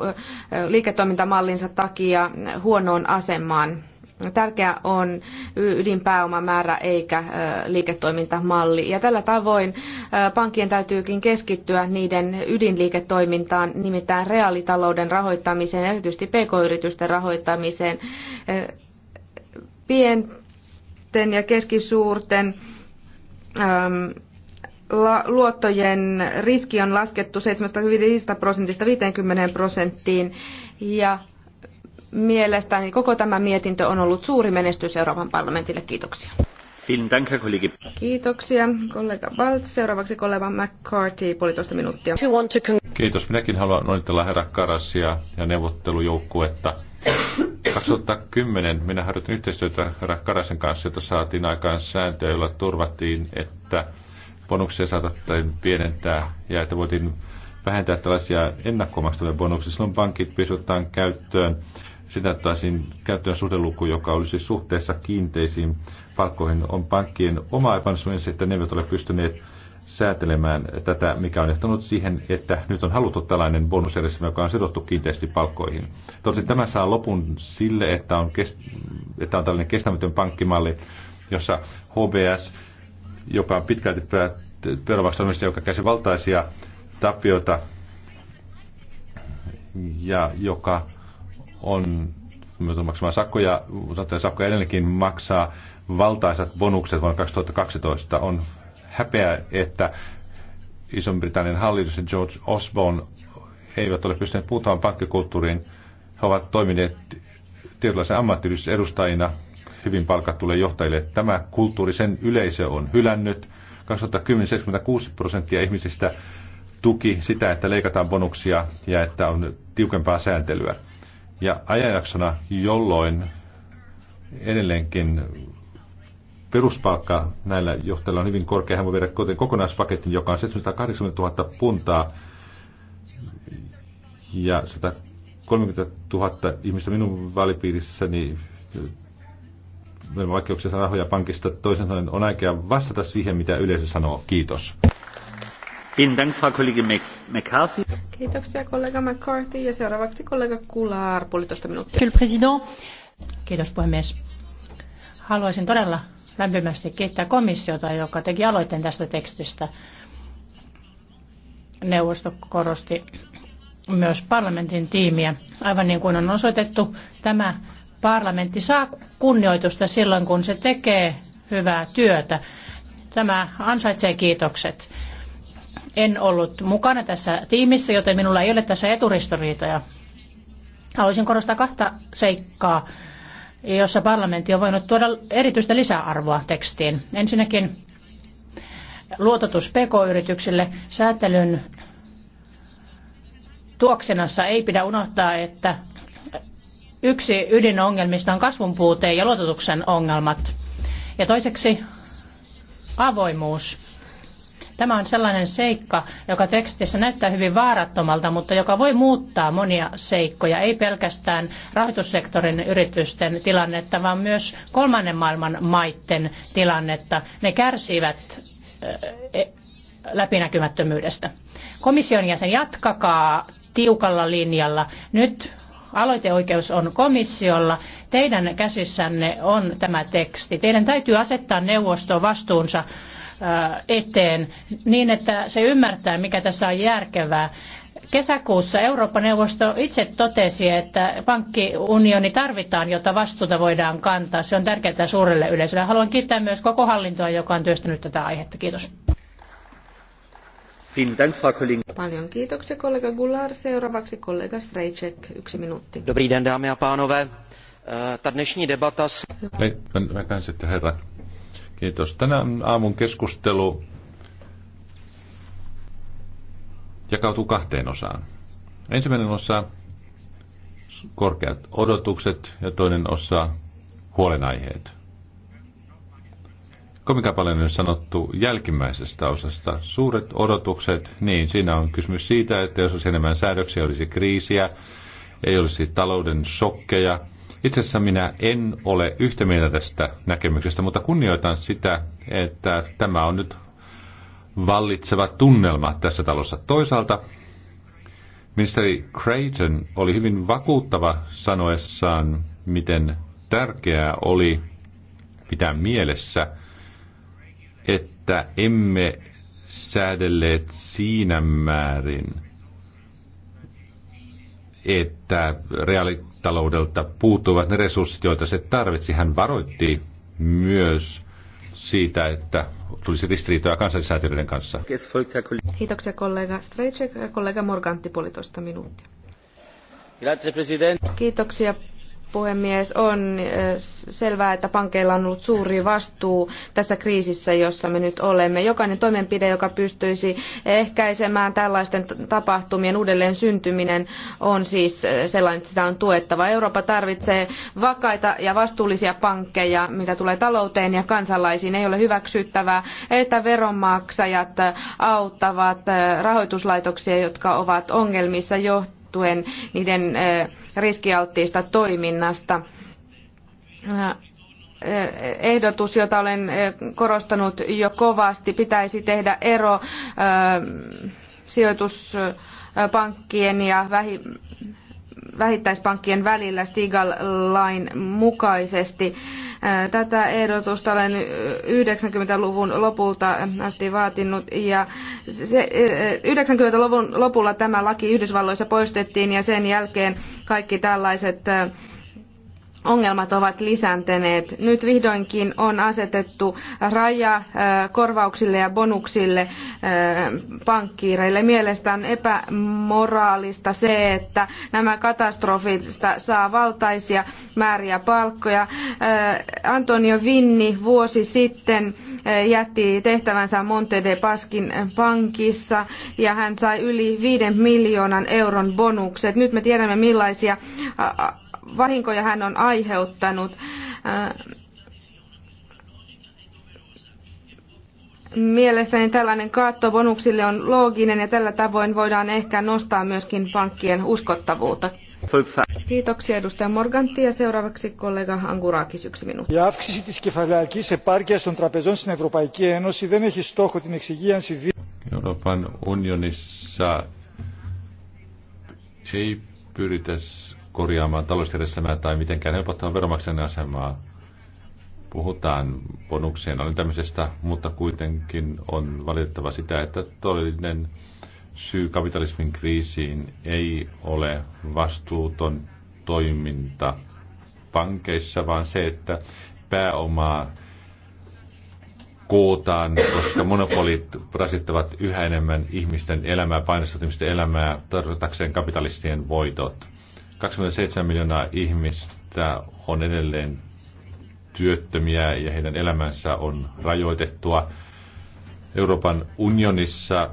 liiketoimintamallinsa takia huonoon asemaan Tärkeää on ydinpääomamäärä eikä liiketoimintamalli. Ja tällä tavoin pankkien täytyykin keskittyä niiden ydinliiketoimintaan, nimittäin reaalitalouden rahoittamiseen, erityisesti pk-yritysten rahoittamiseen. Pienten ja keskisuurten luottojen riski on laskettu 75 prosentista 50 prosenttiin ja mielestäni koko tämä mietintö on ollut suuri menestys Euroopan parlamentille. Kiitoksia. Kiitoksia kollega Valt. Seuraavaksi kollega McCarthy, puolitoista minuuttia. Kiitos. Minäkin haluan onnitella herra Karasia ja neuvottelujoukkuetta. 2010 minä harjoitin yhteistyötä herra Karasen kanssa, jota saatiin aikaan sääntöjä, jolla turvattiin, että bonuksia saatettiin pienentää ja että voitiin vähentää tällaisia ennakkomaksuja bonuksia. Silloin pankit pisuttaan käyttöön sitä taisin käyttöön suhdeluku, joka olisi siis suhteessa kiinteisiin palkkoihin, on pankkien oma epäonnistuminen, että ne eivät ole pystyneet säätelemään tätä, mikä on johtanut siihen, että nyt on haluttu tällainen bonusjärjestelmä, joka on sidottu kiinteästi palkkoihin. Tosin tämä saa lopun sille, että on, kest- että on tällainen kestämätön pankkimalli, jossa HBS, joka on pitkälti verovastaamista, joka käsi valtaisia tapioita ja joka on maksamaan sakkoja, mutta sakkoja edelleenkin maksaa valtaisat bonukset vuonna 2012. On häpeä, että Iso-Britannian hallitus ja George Osborne eivät ole pystyneet puuttumaan pankkikulttuuriin. He ovat toimineet tietynlaisen ammattiyhdistysedustajina hyvin palkattuille johtajille. Tämä kulttuuri, sen yleisö on hylännyt. 2010 76 prosenttia ihmisistä tuki sitä, että leikataan bonuksia ja että on tiukempaa sääntelyä ja ajanjaksona, jolloin edelleenkin peruspalkka näillä johtajilla on hyvin korkea. Hän voi viedä kokonaispaketin, joka on 780 000 puntaa ja 130 000 ihmistä minun vaalipiirissäni vaikeuksia saada rahoja pankista. Toisin sanoen on aikea vastata siihen, mitä yleisö sanoo. Kiitos. Kiitoksia kollega McCarthy ja seuraavaksi kollega Kular, puolitoista minuuttia. Kiitos puhemies. Haluaisin todella lämpimästi kiittää komissiota, joka teki aloitteen tästä tekstistä. Neuvosto korosti myös parlamentin tiimiä. Aivan niin kuin on osoitettu, tämä parlamentti saa kunnioitusta silloin, kun se tekee hyvää työtä. Tämä ansaitsee kiitokset. En ollut mukana tässä tiimissä, joten minulla ei ole tässä eturistoriitoja. Haluaisin korostaa kahta seikkaa, jossa parlamentti on voinut tuoda erityistä lisäarvoa tekstiin. Ensinnäkin luototus PK-yrityksille säätelyn tuoksenassa ei pidä unohtaa, että yksi ydinongelmista on kasvun puute ja luototuksen ongelmat. Ja toiseksi avoimuus. Tämä on sellainen seikka, joka tekstissä näyttää hyvin vaarattomalta, mutta joka voi muuttaa monia seikkoja, ei pelkästään rahoitussektorin yritysten tilannetta, vaan myös kolmannen maailman maiden tilannetta. Ne kärsivät eh, eh, läpinäkymättömyydestä. Komission jäsen, jatkakaa tiukalla linjalla. Nyt aloiteoikeus on komissiolla. Teidän käsissänne on tämä teksti. Teidän täytyy asettaa neuvosto vastuunsa eteen niin, että se ymmärtää, mikä tässä on järkevää. Kesäkuussa Eurooppa-neuvosto itse totesi, että pankkiunioni tarvitaan, jotta vastuuta voidaan kantaa. Se on tärkeää suurelle yleisölle. Haluan kiittää myös koko hallintoa, joka on työstänyt tätä aihetta. Kiitos. Paljon kiitoksia kollega Gular. Seuraavaksi kollega Strejček, yksi minuutti. Dobrý den, dámy a pánové. Eh, ta dnešní debata... Hyvät naiset ja herrat, Kiitos. Tänään aamun keskustelu jakautuu kahteen osaan. Ensimmäinen osa korkeat odotukset ja toinen osa huolenaiheet. Kuinka paljon on sanottu jälkimmäisestä osasta. Suuret odotukset, niin siinä on kysymys siitä, että jos olisi enemmän säädöksiä, olisi kriisiä, ei olisi talouden shokkeja, itse asiassa minä en ole yhtä mieltä tästä näkemyksestä, mutta kunnioitan sitä, että tämä on nyt vallitseva tunnelma tässä talossa. Toisaalta ministeri Creighton oli hyvin vakuuttava sanoessaan, miten tärkeää oli pitää mielessä, että emme säädelleet siinä määrin, että reaalitaloudelta puuttuivat ne resurssit, joita se tarvitsi. Hän varoitti myös siitä, että tulisi ristiriitoja kansallisäätiöiden kanssa. Kiitoksia kollega Strejček ja kollega Morgantti puolitoista minuuttia. Kiitoksia puhemies, on selvää, että pankeilla on ollut suuri vastuu tässä kriisissä, jossa me nyt olemme. Jokainen toimenpide, joka pystyisi ehkäisemään tällaisten tapahtumien uudelleen syntyminen, on siis sellainen, että sitä on tuettava. Eurooppa tarvitsee vakaita ja vastuullisia pankkeja, mitä tulee talouteen ja kansalaisiin. Ei ole hyväksyttävää, että veronmaksajat auttavat rahoituslaitoksia, jotka ovat ongelmissa jo johtuen niiden riskialttiista toiminnasta ehdotus, jota olen korostanut jo kovasti, pitäisi tehdä ero sijoituspankkien ja vähittäispankkien välillä Stigal-lain mukaisesti. Äh, tätä ehdotusta olen 90-luvun lopulta asti vaatinut ja se, 90-luvun äh, lopulla tämä laki Yhdysvalloissa poistettiin ja sen jälkeen kaikki tällaiset äh, ongelmat ovat lisääntyneet. Nyt vihdoinkin on asetettu raja äh, korvauksille ja bonuksille äh, pankkiireille. Mielestäni on epämoraalista se, että nämä katastrofista saa valtaisia määriä palkkoja. Äh, Antonio Vinni vuosi sitten jätti tehtävänsä Monte de Paskin pankissa ja hän sai yli viiden miljoonan euron bonukset. Nyt me tiedämme millaisia vahinkoja hän on aiheuttanut. Mielestäni tällainen kaatto bonuksille on looginen ja tällä tavoin voidaan ehkä nostaa myöskin pankkien uskottavuutta. Kiitoksia edustaja Morganti ja seuraavaksi kollega Angurakis yksi minuutti. Η αύξηση της κεφαλαϊκής επάρκειας των τραπεζών στην Ευρωπαϊκή Ένωση δεν έχει στόχο την εξυγίανση Euroopan unionissa ei pyritä korjaamaan talousjärjestelmää tai mitenkään helpottaa veromaksen asemaa. Puhutaan bonuksien alentamisesta, mutta kuitenkin on valitettava sitä, että todellinen syy kapitalismin kriisiin ei ole vastuuton toiminta pankeissa, vaan se, että pääomaa kootaan, koska monopolit rasittavat yhä enemmän ihmisten elämää, painostavat ihmisten elämää, tarjotakseen kapitalistien voitot. 27 miljoonaa ihmistä on edelleen työttömiä ja heidän elämänsä on rajoitettua. Euroopan unionissa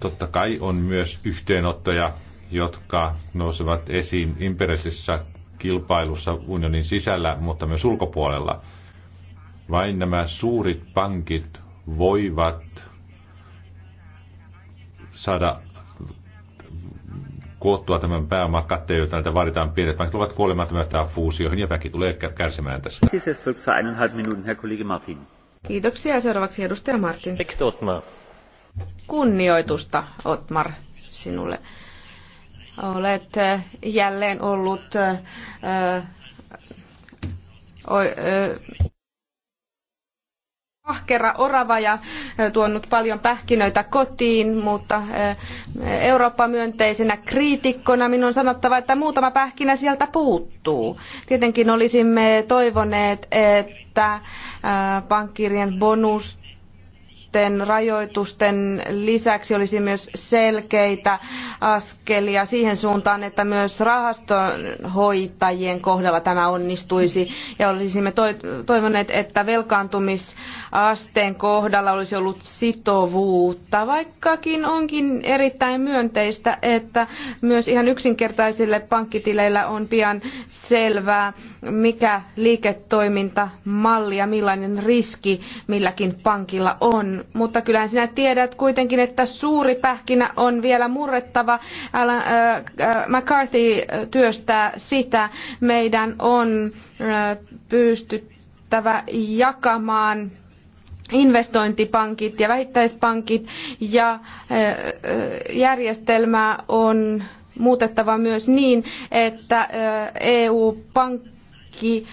totta kai on myös yhteenottoja, jotka nousevat esiin imperialistisessa kilpailussa unionin sisällä, mutta myös ulkopuolella. Vain nämä suurit pankit voivat saada koottua tämän pääomakatteen, jota näitä vaaditaan pienet pankit ovat kuolematta fuusioihin ja väki tulee kärsimään tästä. Kiitoksia. Seuraavaksi edustaja Martin. Kunnioitusta, Otmar, sinulle. Olet äh, jälleen ollut äh, o, äh, äh ahkera orava ja eh, tuonut paljon pähkinöitä kotiin, mutta eh, Eurooppa myönteisenä kriitikkona minun on sanottava, että muutama pähkinä sieltä puuttuu. Tietenkin olisimme toivoneet, että eh, pankkirien bonus näiden rajoitusten lisäksi olisi myös selkeitä askelia siihen suuntaan, että myös rahastonhoitajien kohdalla tämä onnistuisi. Ja olisimme toivoneet, että velkaantumisasteen kohdalla olisi ollut sitovuutta, vaikkakin onkin erittäin myönteistä, että myös ihan yksinkertaisille pankkitileillä on pian selvää, mikä liiketoimintamalli ja millainen riski milläkin pankilla on mutta kyllähän sinä tiedät kuitenkin, että suuri pähkinä on vielä murrettava. Alan, äh, äh McCarthy äh, työstää sitä. Meidän on äh, pystyttävä jakamaan investointipankit ja vähittäispankit ja äh, järjestelmää on muutettava myös niin, että EU-pankki kaikki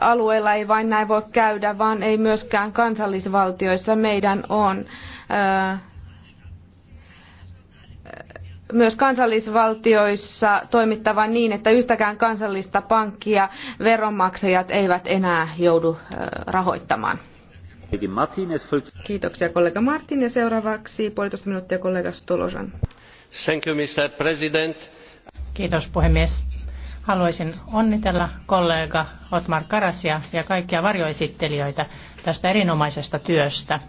alueilla ei vain näin voi käydä, vaan ei myöskään kansallisvaltioissa meidän on myös kansallisvaltioissa toimittava niin, että yhtäkään kansallista pankkia veronmaksajat eivät enää joudu rahoittamaan. Kiitoksia kollega Martin ja seuraavaksi puolitoista minuuttia kollega Stolosan. Thank you, Mr. President. Kiitos puhemies. Haluaisin onnitella kollega Otmar Karasia ja kaikkia varjoesittelijöitä tästä erinomaisesta työstä.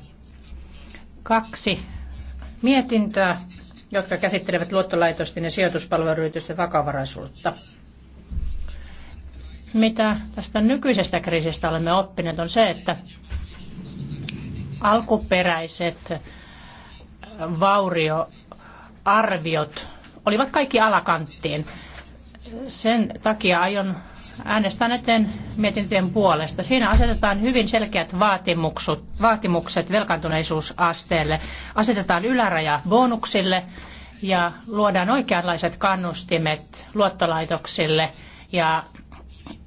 Kaksi mietintöä, jotka käsittelevät luottolaitosten ja sijoituspalveluyritysten vakavaraisuutta. Mitä tästä nykyisestä kriisistä olemme oppineet on se, että alkuperäiset vaurioarviot olivat kaikki alakanttiin sen takia aion äänestää näiden mietintöjen puolesta. Siinä asetetaan hyvin selkeät vaatimukset, vaatimukset velkaantuneisuusasteelle, asetetaan yläraja bonuksille ja luodaan oikeanlaiset kannustimet luottolaitoksille ja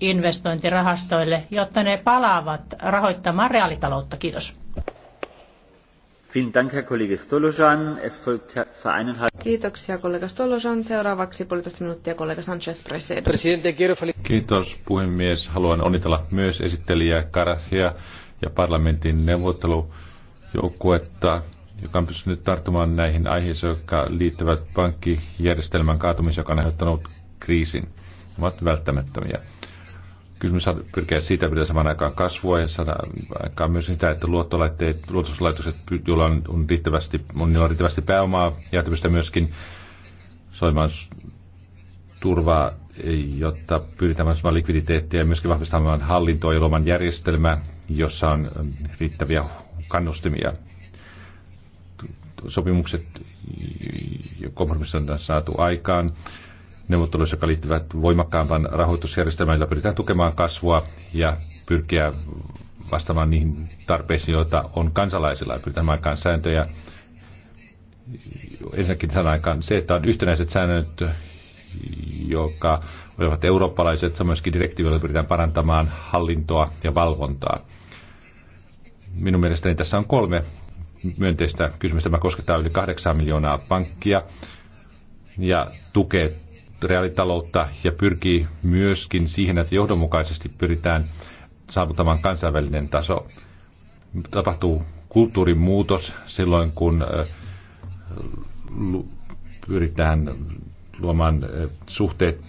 investointirahastoille, jotta ne palaavat rahoittamaan reaalitaloutta. Kiitos. Kiitoksia kollega Stolojan. Seuraavaksi puolitoista minuuttia kollega Sanchez Presedo. Kiitos puhemies. Haluan onnitella myös esittelijä Karasia ja parlamentin neuvottelujoukkuetta, joka on pystynyt tarttumaan näihin aiheisiin, jotka liittyvät pankkijärjestelmän kaatumiseen, joka on aiheuttanut kriisin. Ne ovat välttämättömiä. Kysymys on pyrkiä siitä, mitä samaan aikaan kasvua ja saada aikaan myös sitä, että luottolaitteet, luottolaitokset, joilla on, on riittävästi, on, on riittävästi pääomaa ja tämmöistä myöskin soimaan turvaa, jotta pyritään mahdollisimman likviditeettiä ja myöskin vahvistamaan hallintoa ja luomaan järjestelmää, jossa on riittäviä kannustimia. Sopimukset, kompromissit on saatu aikaan neuvotteluissa, jotka liittyvät voimakkaampaan rahoitusjärjestelmään, jolla pyritään tukemaan kasvua ja pyrkiä vastaamaan niihin tarpeisiin, joita on kansalaisilla. Pyritään aikaan sääntöjä. Ensinnäkin tämän aikaan se, että on yhtenäiset säännöt, joka olivat eurooppalaiset, samoin myöskin direktiivillä pyritään parantamaan hallintoa ja valvontaa. Minun mielestäni tässä on kolme myönteistä kysymystä. Tämä koskettaa yli 8 miljoonaa pankkia ja tukee reaalitaloutta ja pyrkii myöskin siihen, että johdonmukaisesti pyritään saavuttamaan kansainvälinen taso. Tapahtuu kulttuurin muutos silloin, kun pyritään luomaan eh, suhteet,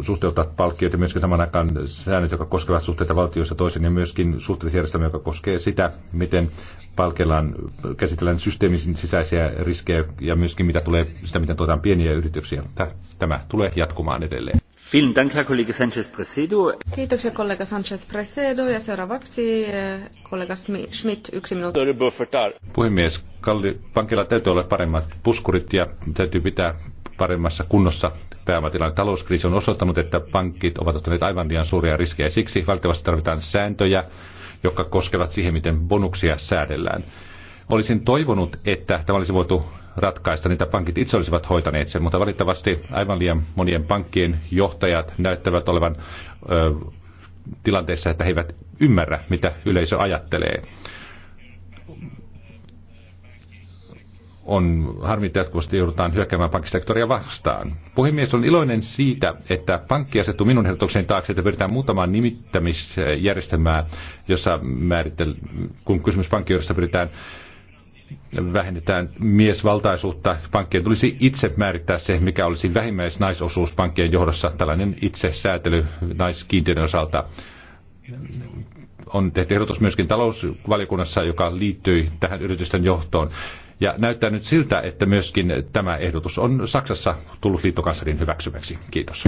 suhteuttaa palkkiot ja myöskin saman aikaan säännöt, jotka koskevat suhteita valtioissa toisen ja myöskin suhteellisjärjestelmä, joka koskee sitä, miten palkellaan, käsitellään systeemisin sisäisiä riskejä ja myöskin mitä tulee, sitä, miten tuotaan pieniä yrityksiä. Tämä tulee jatkumaan edelleen. Kiitoksia kollega Sanchez Presedo ja seuraavaksi eh, kollega Schmidt yksi minuutti. Puhemies, kalli, pankilla täytyy olla paremmat puskurit ja täytyy pitää paremmassa kunnossa pääomatilanne. Talouskriisi on osoittanut, että pankit ovat ottaneet aivan liian suuria riskejä. Siksi valtavasti tarvitaan sääntöjä, jotka koskevat siihen, miten bonuksia säädellään. Olisin toivonut, että tämä olisi voitu ratkaista, niitä pankit itse olisivat hoitaneet sen, mutta valitettavasti aivan liian monien pankkien johtajat näyttävät olevan ö, tilanteessa, että he eivät ymmärrä, mitä yleisö ajattelee. on harmi, että jatkuvasti joudutaan hyökkäämään pankkisektoria vastaan. Puhemies, on iloinen siitä, että pankki asettuu minun ehdotukseni taakse, että pyritään muutamaan nimittämisjärjestelmää, jossa määritel, kun kysymys pankkijohdosta pyritään vähennetään miesvaltaisuutta. Pankkien tulisi itse määrittää se, mikä olisi vähimmäisnaisosuus pankkien johdossa, tällainen itsesäätely naiskiintiöiden osalta on tehty ehdotus myöskin talousvaliokunnassa, joka liittyi tähän yritysten johtoon. Ja näyttää nyt siltä, että myöskin tämä ehdotus on Saksassa tullut liittokanslerin hyväksymäksi. Kiitos.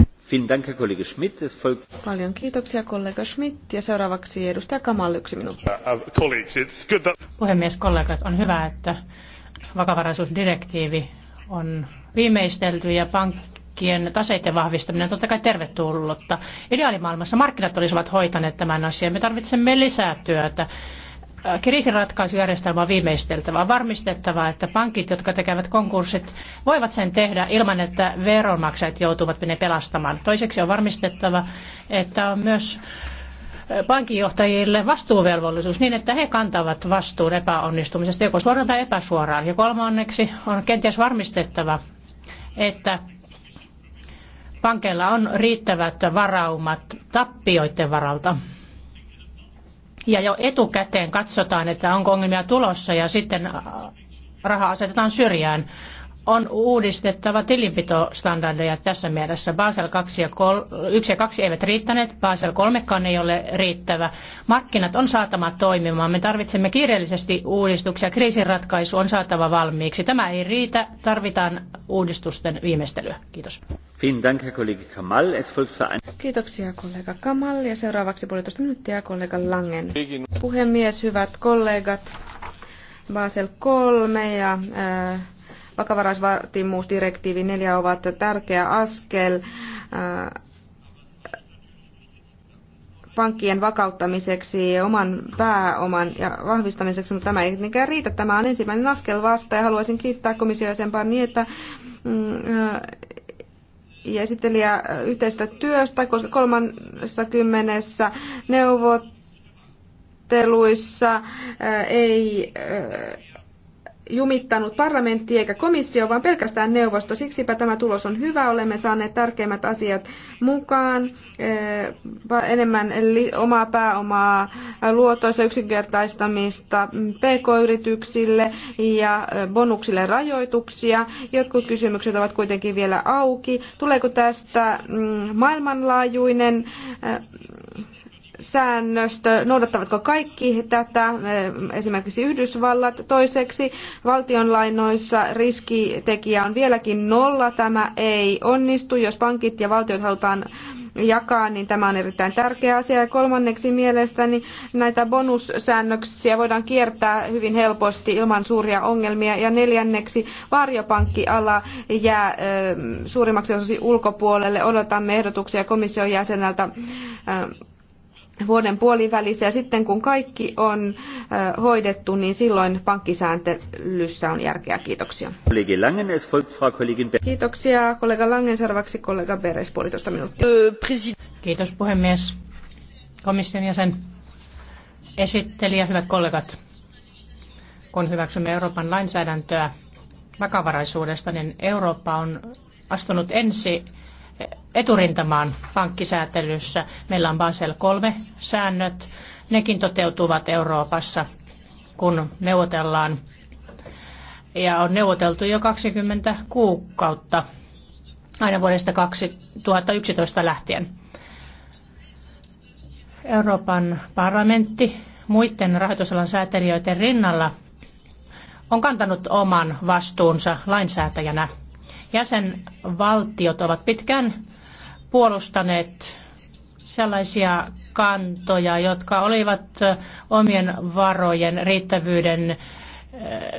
Paljon kiitoksia kollega Schmidt ja seuraavaksi edustaja Kamal yksi minuutti. Uh, uh, Puhemies, kollegat, on hyvä, että vakavaraisuusdirektiivi on viimeistelty ja pankkien taseiden vahvistaminen on totta kai tervetullutta. Ideaalimaailmassa markkinat olisivat hoitaneet tämän asian. Me tarvitsemme lisää työtä. Äh, kriisinratkaisujärjestelmä on viimeisteltävä. On varmistettava, että pankit, jotka tekevät konkurssit, voivat sen tehdä ilman, että veronmaksajat joutuvat ne pelastamaan. Toiseksi on varmistettava, että on myös äh, pankinjohtajille vastuuvelvollisuus niin, että he kantavat vastuun epäonnistumisesta joko suoraan tai epäsuoraan. Ja kolmanneksi on kenties varmistettava, että pankeilla on riittävät varaumat tappioiden varalta ja jo etukäteen katsotaan, että onko ongelmia tulossa ja sitten äh, raha asetetaan syrjään. On uudistettava tilinpitostandardeja tässä mielessä. Basel 2 ja 3, 1 ja 2 eivät riittäneet, Basel 3 ei ole riittävä. Markkinat on saatava toimimaan. Me tarvitsemme kiireellisesti uudistuksia. Kriisinratkaisu on saatava valmiiksi. Tämä ei riitä. Tarvitaan uudistusten viimeistelyä. Kiitos. Kiitoksia kollega Kamal ja seuraavaksi puolitoista minuuttia kollega Langen. Puhemies, hyvät kollegat, Basel 3 ja äh, vakavaraisvaatimusdirektiivi 4 ovat tärkeä askel äh, pankkien vakauttamiseksi, oman pääoman ja vahvistamiseksi, mutta tämä ei tietenkään riitä. Tämä on ensimmäinen askel vasta ja haluaisin kiittää komissiojäsen Barnietta mm, äh, ja esittelijä yhteistä työstä, koska 30 neuvotteluissa ei jumittanut parlamentti eikä komissio, vaan pelkästään neuvosto. Siksipä tämä tulos on hyvä. Olemme saaneet tärkeimmät asiat mukaan. Eh, enemmän omaa pääomaa, luotoissa yksinkertaistamista mm, pk-yrityksille ja eh, bonuksille rajoituksia. Jotkut kysymykset ovat kuitenkin vielä auki. Tuleeko tästä mm, maailmanlaajuinen eh, säännöstö, noudattavatko kaikki tätä, esimerkiksi Yhdysvallat. Toiseksi valtionlainoissa riskitekijä on vieläkin nolla, tämä ei onnistu, jos pankit ja valtiot halutaan jakaa, niin tämä on erittäin tärkeä asia. Ja kolmanneksi mielestäni näitä bonussäännöksiä voidaan kiertää hyvin helposti ilman suuria ongelmia. Ja neljänneksi varjopankkiala jää suurimmaksi osaksi ulkopuolelle. Odotamme ehdotuksia komission jäseneltä vuoden puolivälissä ja sitten kun kaikki on hoidettu, niin silloin pankkisääntelyssä on järkeä. Kiitoksia. Kiitoksia kollega Langen, seuraavaksi kollega Beres, puolitoista minuuttia. Kiitos puhemies, komission jäsen, esittelijä, hyvät kollegat. Kun hyväksymme Euroopan lainsäädäntöä vakavaraisuudesta, niin Eurooppa on astunut ensi eturintamaan pankkisäätelyssä. Meillä on Basel 3-säännöt. Nekin toteutuvat Euroopassa, kun neuvotellaan. Ja on neuvoteltu jo 20 kuukautta aina vuodesta 2011 lähtien. Euroopan parlamentti muiden rahoitusalan säätelijöiden rinnalla on kantanut oman vastuunsa lainsäätäjänä. Jäsenvaltiot ovat pitkään puolustaneet sellaisia kantoja, jotka olivat omien varojen riittävyyden eh,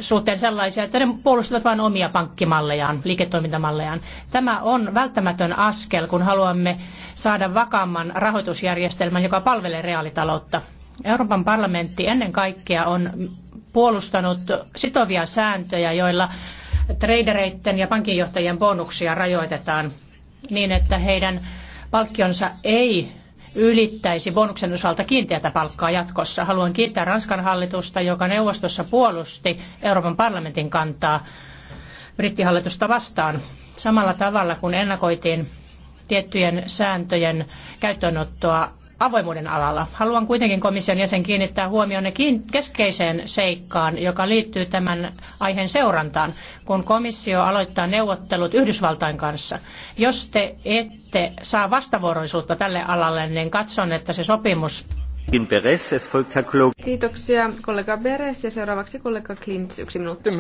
suhteen sellaisia, että ne puolustivat vain omia pankkimallejaan, liiketoimintamallejaan. Tämä on välttämätön askel, kun haluamme saada vakaamman rahoitusjärjestelmän, joka palvelee reaalitaloutta. Euroopan parlamentti ennen kaikkea on puolustanut sitovia sääntöjä, joilla tradereiden ja pankinjohtajien bonuksia rajoitetaan niin, että heidän palkkionsa ei ylittäisi bonuksen osalta kiinteätä palkkaa jatkossa. Haluan kiittää Ranskan hallitusta, joka neuvostossa puolusti Euroopan parlamentin kantaa brittihallitusta vastaan samalla tavalla kuin ennakoitiin tiettyjen sääntöjen käyttöönottoa avoimuuden alalla. Haluan kuitenkin komission jäsen kiinnittää huomionne keskeiseen seikkaan, joka liittyy tämän aiheen seurantaan, kun komissio aloittaa neuvottelut Yhdysvaltain kanssa. Jos te ette saa vastavuoroisuutta tälle alalle, niin katson, että se sopimus Kiitoksia kollega Beres ja seuraavaksi kollega Klintz, yksi minuutti.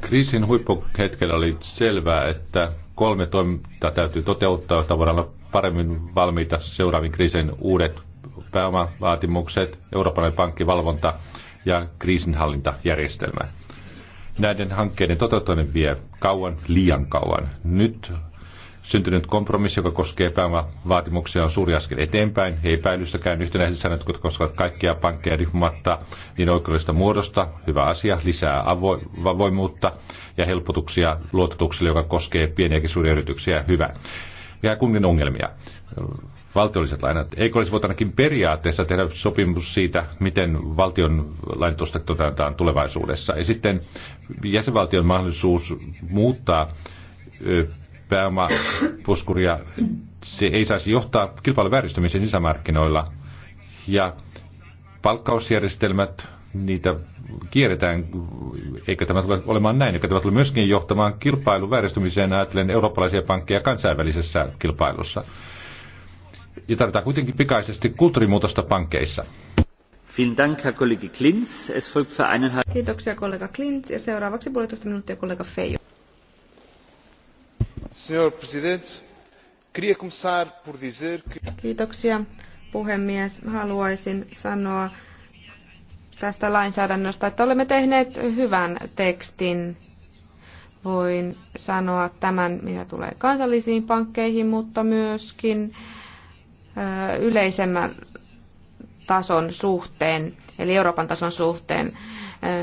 Kriisin huippuhetkellä oli selvää, että Kolme toimintaa täytyy toteuttaa, jotta voidaan olla paremmin valmiita seuraavin kriisin uudet pääomavaatimukset, Euroopan pankkivalvonta ja kriisinhallintajärjestelmä. Näiden hankkeiden toteuttaminen vie kauan, liian kauan. Nyt syntynyt kompromissi, joka koskee pääomavaatimuksia, on suuri askel eteenpäin. Ei epäilystäkään yhtenäiset säännöt, jotka koskevat kaikkia pankkeja riippumatta niin oikeudellista muodosta. Hyvä asia, lisää avoimuutta ja helpotuksia luototukselle, joka koskee pieniäkin suuria yrityksiä, hyvä. Ja kunkin ongelmia. Valtiolliset lainat. Eikö olisi voitu ainakin periaatteessa tehdä sopimus siitä, miten valtion lainatusta toteutetaan tulevaisuudessa? Ja sitten jäsenvaltion mahdollisuus muuttaa pääomapuskuria, se ei saisi johtaa kilpailun sisämarkkinoilla. Ja palkkausjärjestelmät niitä kierretään, eikä tämä tule olemaan näin, eikä tämä tule myöskin johtamaan kilpailun vääristymiseen ajatellen eurooppalaisia pankkeja kansainvälisessä kilpailussa. Ja tarvitaan kuitenkin pikaisesti kulttuurimuutosta pankkeissa. Kiitoksia kollega Klintz ja seuraavaksi puolitoista minuuttia kollega Feijo. Kiitoksia puhemies. Haluaisin sanoa tästä lainsäädännöstä, että olemme tehneet hyvän tekstin. Voin sanoa tämän, mitä tulee kansallisiin pankkeihin, mutta myöskin yleisemmän tason suhteen, eli Euroopan tason suhteen.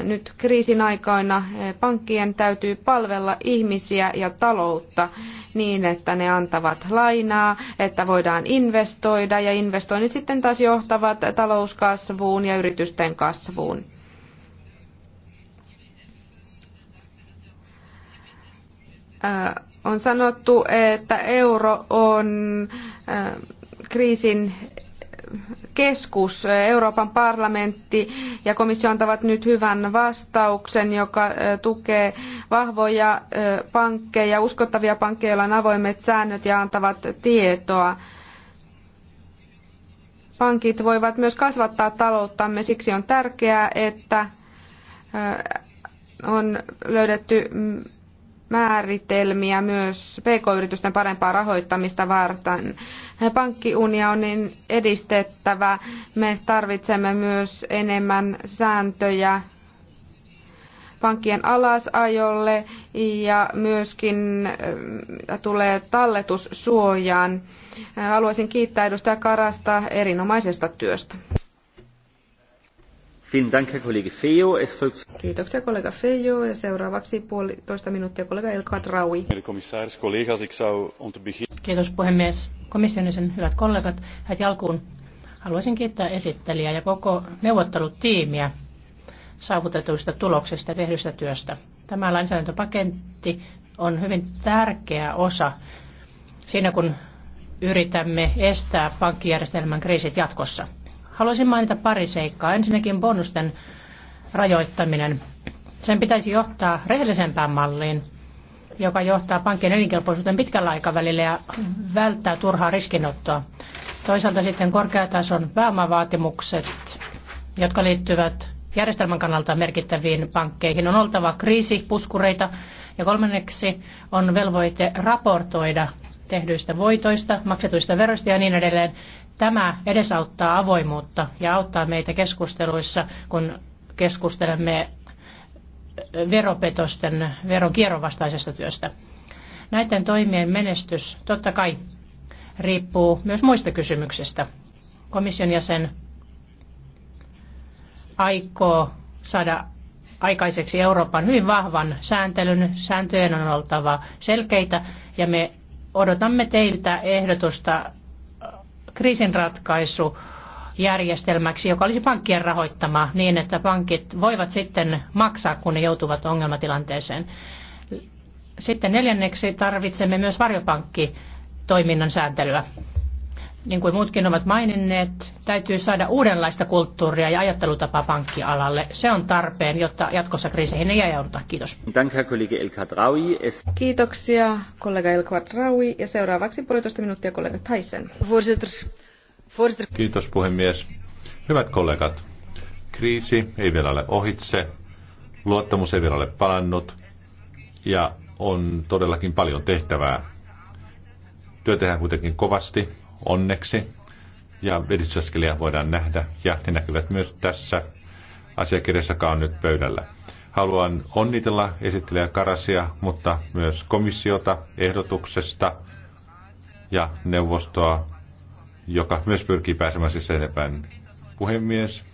Nyt kriisin aikoina pankkien täytyy palvella ihmisiä ja taloutta niin, että ne antavat lainaa, että voidaan investoida ja investoinnit sitten taas johtavat talouskasvuun ja yritysten kasvuun. On sanottu, että euro on kriisin keskus, Euroopan parlamentti ja komissio antavat nyt hyvän vastauksen, joka tukee vahvoja pankkeja, uskottavia pankkeja, joilla on avoimet säännöt ja antavat tietoa. Pankit voivat myös kasvattaa talouttamme, siksi on tärkeää, että on löydetty määritelmiä myös pk-yritysten parempaa rahoittamista varten. Pankkiunionin edistettävä. Me tarvitsemme myös enemmän sääntöjä pankkien alasajolle ja myöskin tulee talletussuojaan. Haluaisin kiittää edustaja Karasta erinomaisesta työstä. Kiitoksia kollega ja seuraavaksi puolitoista minuuttia kollega Kiitos puhemies. Komissionisen hyvät kollegat, heti alkuun haluaisin kiittää esittelijää ja koko neuvottelutiimiä saavutetuista tuloksista ja tehdystä työstä. Tämä lainsäädäntöpaketti on hyvin tärkeä osa siinä, kun yritämme estää pankkijärjestelmän kriisit jatkossa. Haluaisin mainita pari seikkaa. Ensinnäkin bonusten rajoittaminen. Sen pitäisi johtaa rehellisempään malliin, joka johtaa pankkien elinkelpoisuuteen pitkällä aikavälillä ja välttää turhaa riskinottoa. Toisaalta sitten korkeatason pääomavaatimukset, jotka liittyvät järjestelmän kannalta merkittäviin pankkeihin, on oltava kriisipuskureita. Ja kolmanneksi on velvoite raportoida tehdyistä voitoista, maksetuista veroista ja niin edelleen. Tämä edesauttaa avoimuutta ja auttaa meitä keskusteluissa, kun keskustelemme veropetosten, veronkierron vastaisesta työstä. Näiden toimien menestys totta kai riippuu myös muista kysymyksistä. Komission jäsen aikoo saada aikaiseksi Euroopan hyvin vahvan sääntelyn. Sääntöjen on oltava selkeitä ja me Odotamme teiltä ehdotusta kriisinratkaisu järjestelmäksi, joka olisi pankkien rahoittama niin, että pankit voivat sitten maksaa, kun ne joutuvat ongelmatilanteeseen. Sitten neljänneksi tarvitsemme myös varjopankkitoiminnan sääntelyä niin kuin muutkin ovat maininneet, täytyy saada uudenlaista kulttuuria ja ajattelutapaa pankkialalle. Se on tarpeen, jotta jatkossa kriiseihin ei ajauduta. Kiitos. Kiitoksia kollega El Khadraoui ja seuraavaksi puolitoista minuuttia kollega Tyson. Kiitos puhemies. Hyvät kollegat, kriisi ei vielä ole ohitse, luottamus ei vielä ole palannut ja on todellakin paljon tehtävää. Työ tehdään kuitenkin kovasti onneksi, ja edistysaskelia voidaan nähdä, ja ne näkyvät myös tässä asiakirjassa, joka on nyt pöydällä. Haluan onnitella esittelijä Karasia, mutta myös komissiota ehdotuksesta ja neuvostoa, joka myös pyrkii pääsemään siis eteenpäin. Puhemies,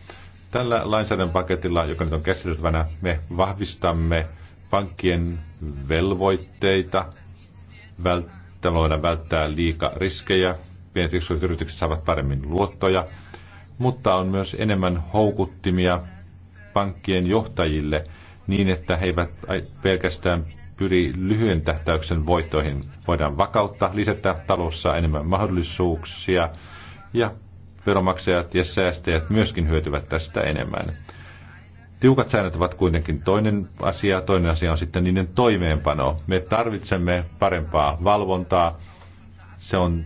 tällä lainsäädäntöpaketilla, joka nyt on käsiteltävänä, me vahvistamme pankkien velvoitteita välttämällä välttää liika riskejä pienet yritykset saavat paremmin luottoja, mutta on myös enemmän houkuttimia pankkien johtajille niin, että he eivät pelkästään pyri lyhyen tähtäyksen voittoihin. Voidaan vakautta, lisätä talossa enemmän mahdollisuuksia ja veromaksajat ja säästäjät myöskin hyötyvät tästä enemmän. Tiukat säännöt ovat kuitenkin toinen asia, toinen asia on sitten niiden toimeenpano. Me tarvitsemme parempaa valvontaa. Se on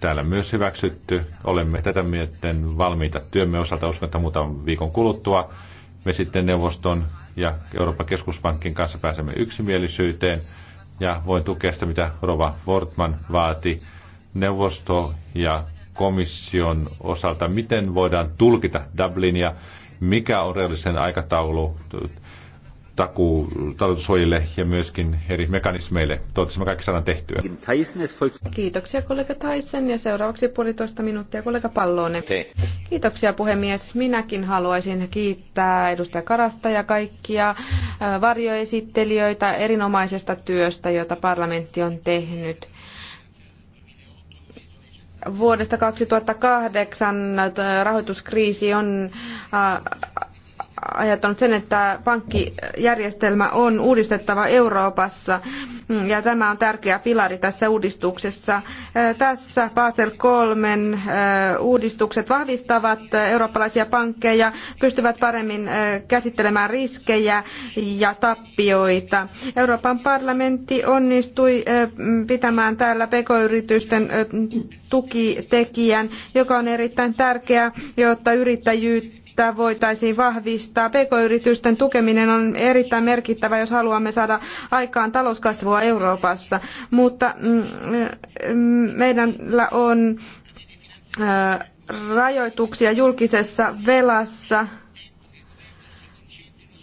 täällä myös hyväksytty. Olemme tätä mietten valmiita työmme osalta. Uskon, että muutaman viikon kuluttua me sitten neuvoston ja Euroopan keskuspankin kanssa pääsemme yksimielisyyteen. Ja voin tukea sitä, mitä Rova Wortman vaati neuvosto ja komission osalta. Miten voidaan tulkita Dublinia? Mikä on reaalisen aikataulu takuu talletussuojille ja myöskin eri mekanismeille. Toivottavasti me kaikki saadaan tehtyä. Kiitoksia kollega Tyson ja seuraavaksi puolitoista minuuttia kollega Pallonen. Kiitoksia puhemies. Minäkin haluaisin kiittää edustaja Karasta ja kaikkia äh, varjoesittelijöitä erinomaisesta työstä, jota parlamentti on tehnyt vuodesta 2008 äh, rahoituskriisi on äh, aiheuttanut sen, että pankkijärjestelmä on uudistettava Euroopassa mm, ja tämä on tärkeä pilari tässä uudistuksessa. Äh, tässä Basel 3 äh, uudistukset vahvistavat eurooppalaisia pankkeja, pystyvät paremmin äh, käsittelemään riskejä ja tappioita. Euroopan parlamentti onnistui pitämään täällä pk-yritysten tukitekijän, joka on erittäin tärkeä, jotta yrittäjyyttä että voitaisiin vahvistaa. PK-yritysten tukeminen on erittäin merkittävä, jos haluamme saada aikaan talouskasvua Euroopassa, mutta mm, mm, meidän on rajoituksia julkisessa velassa –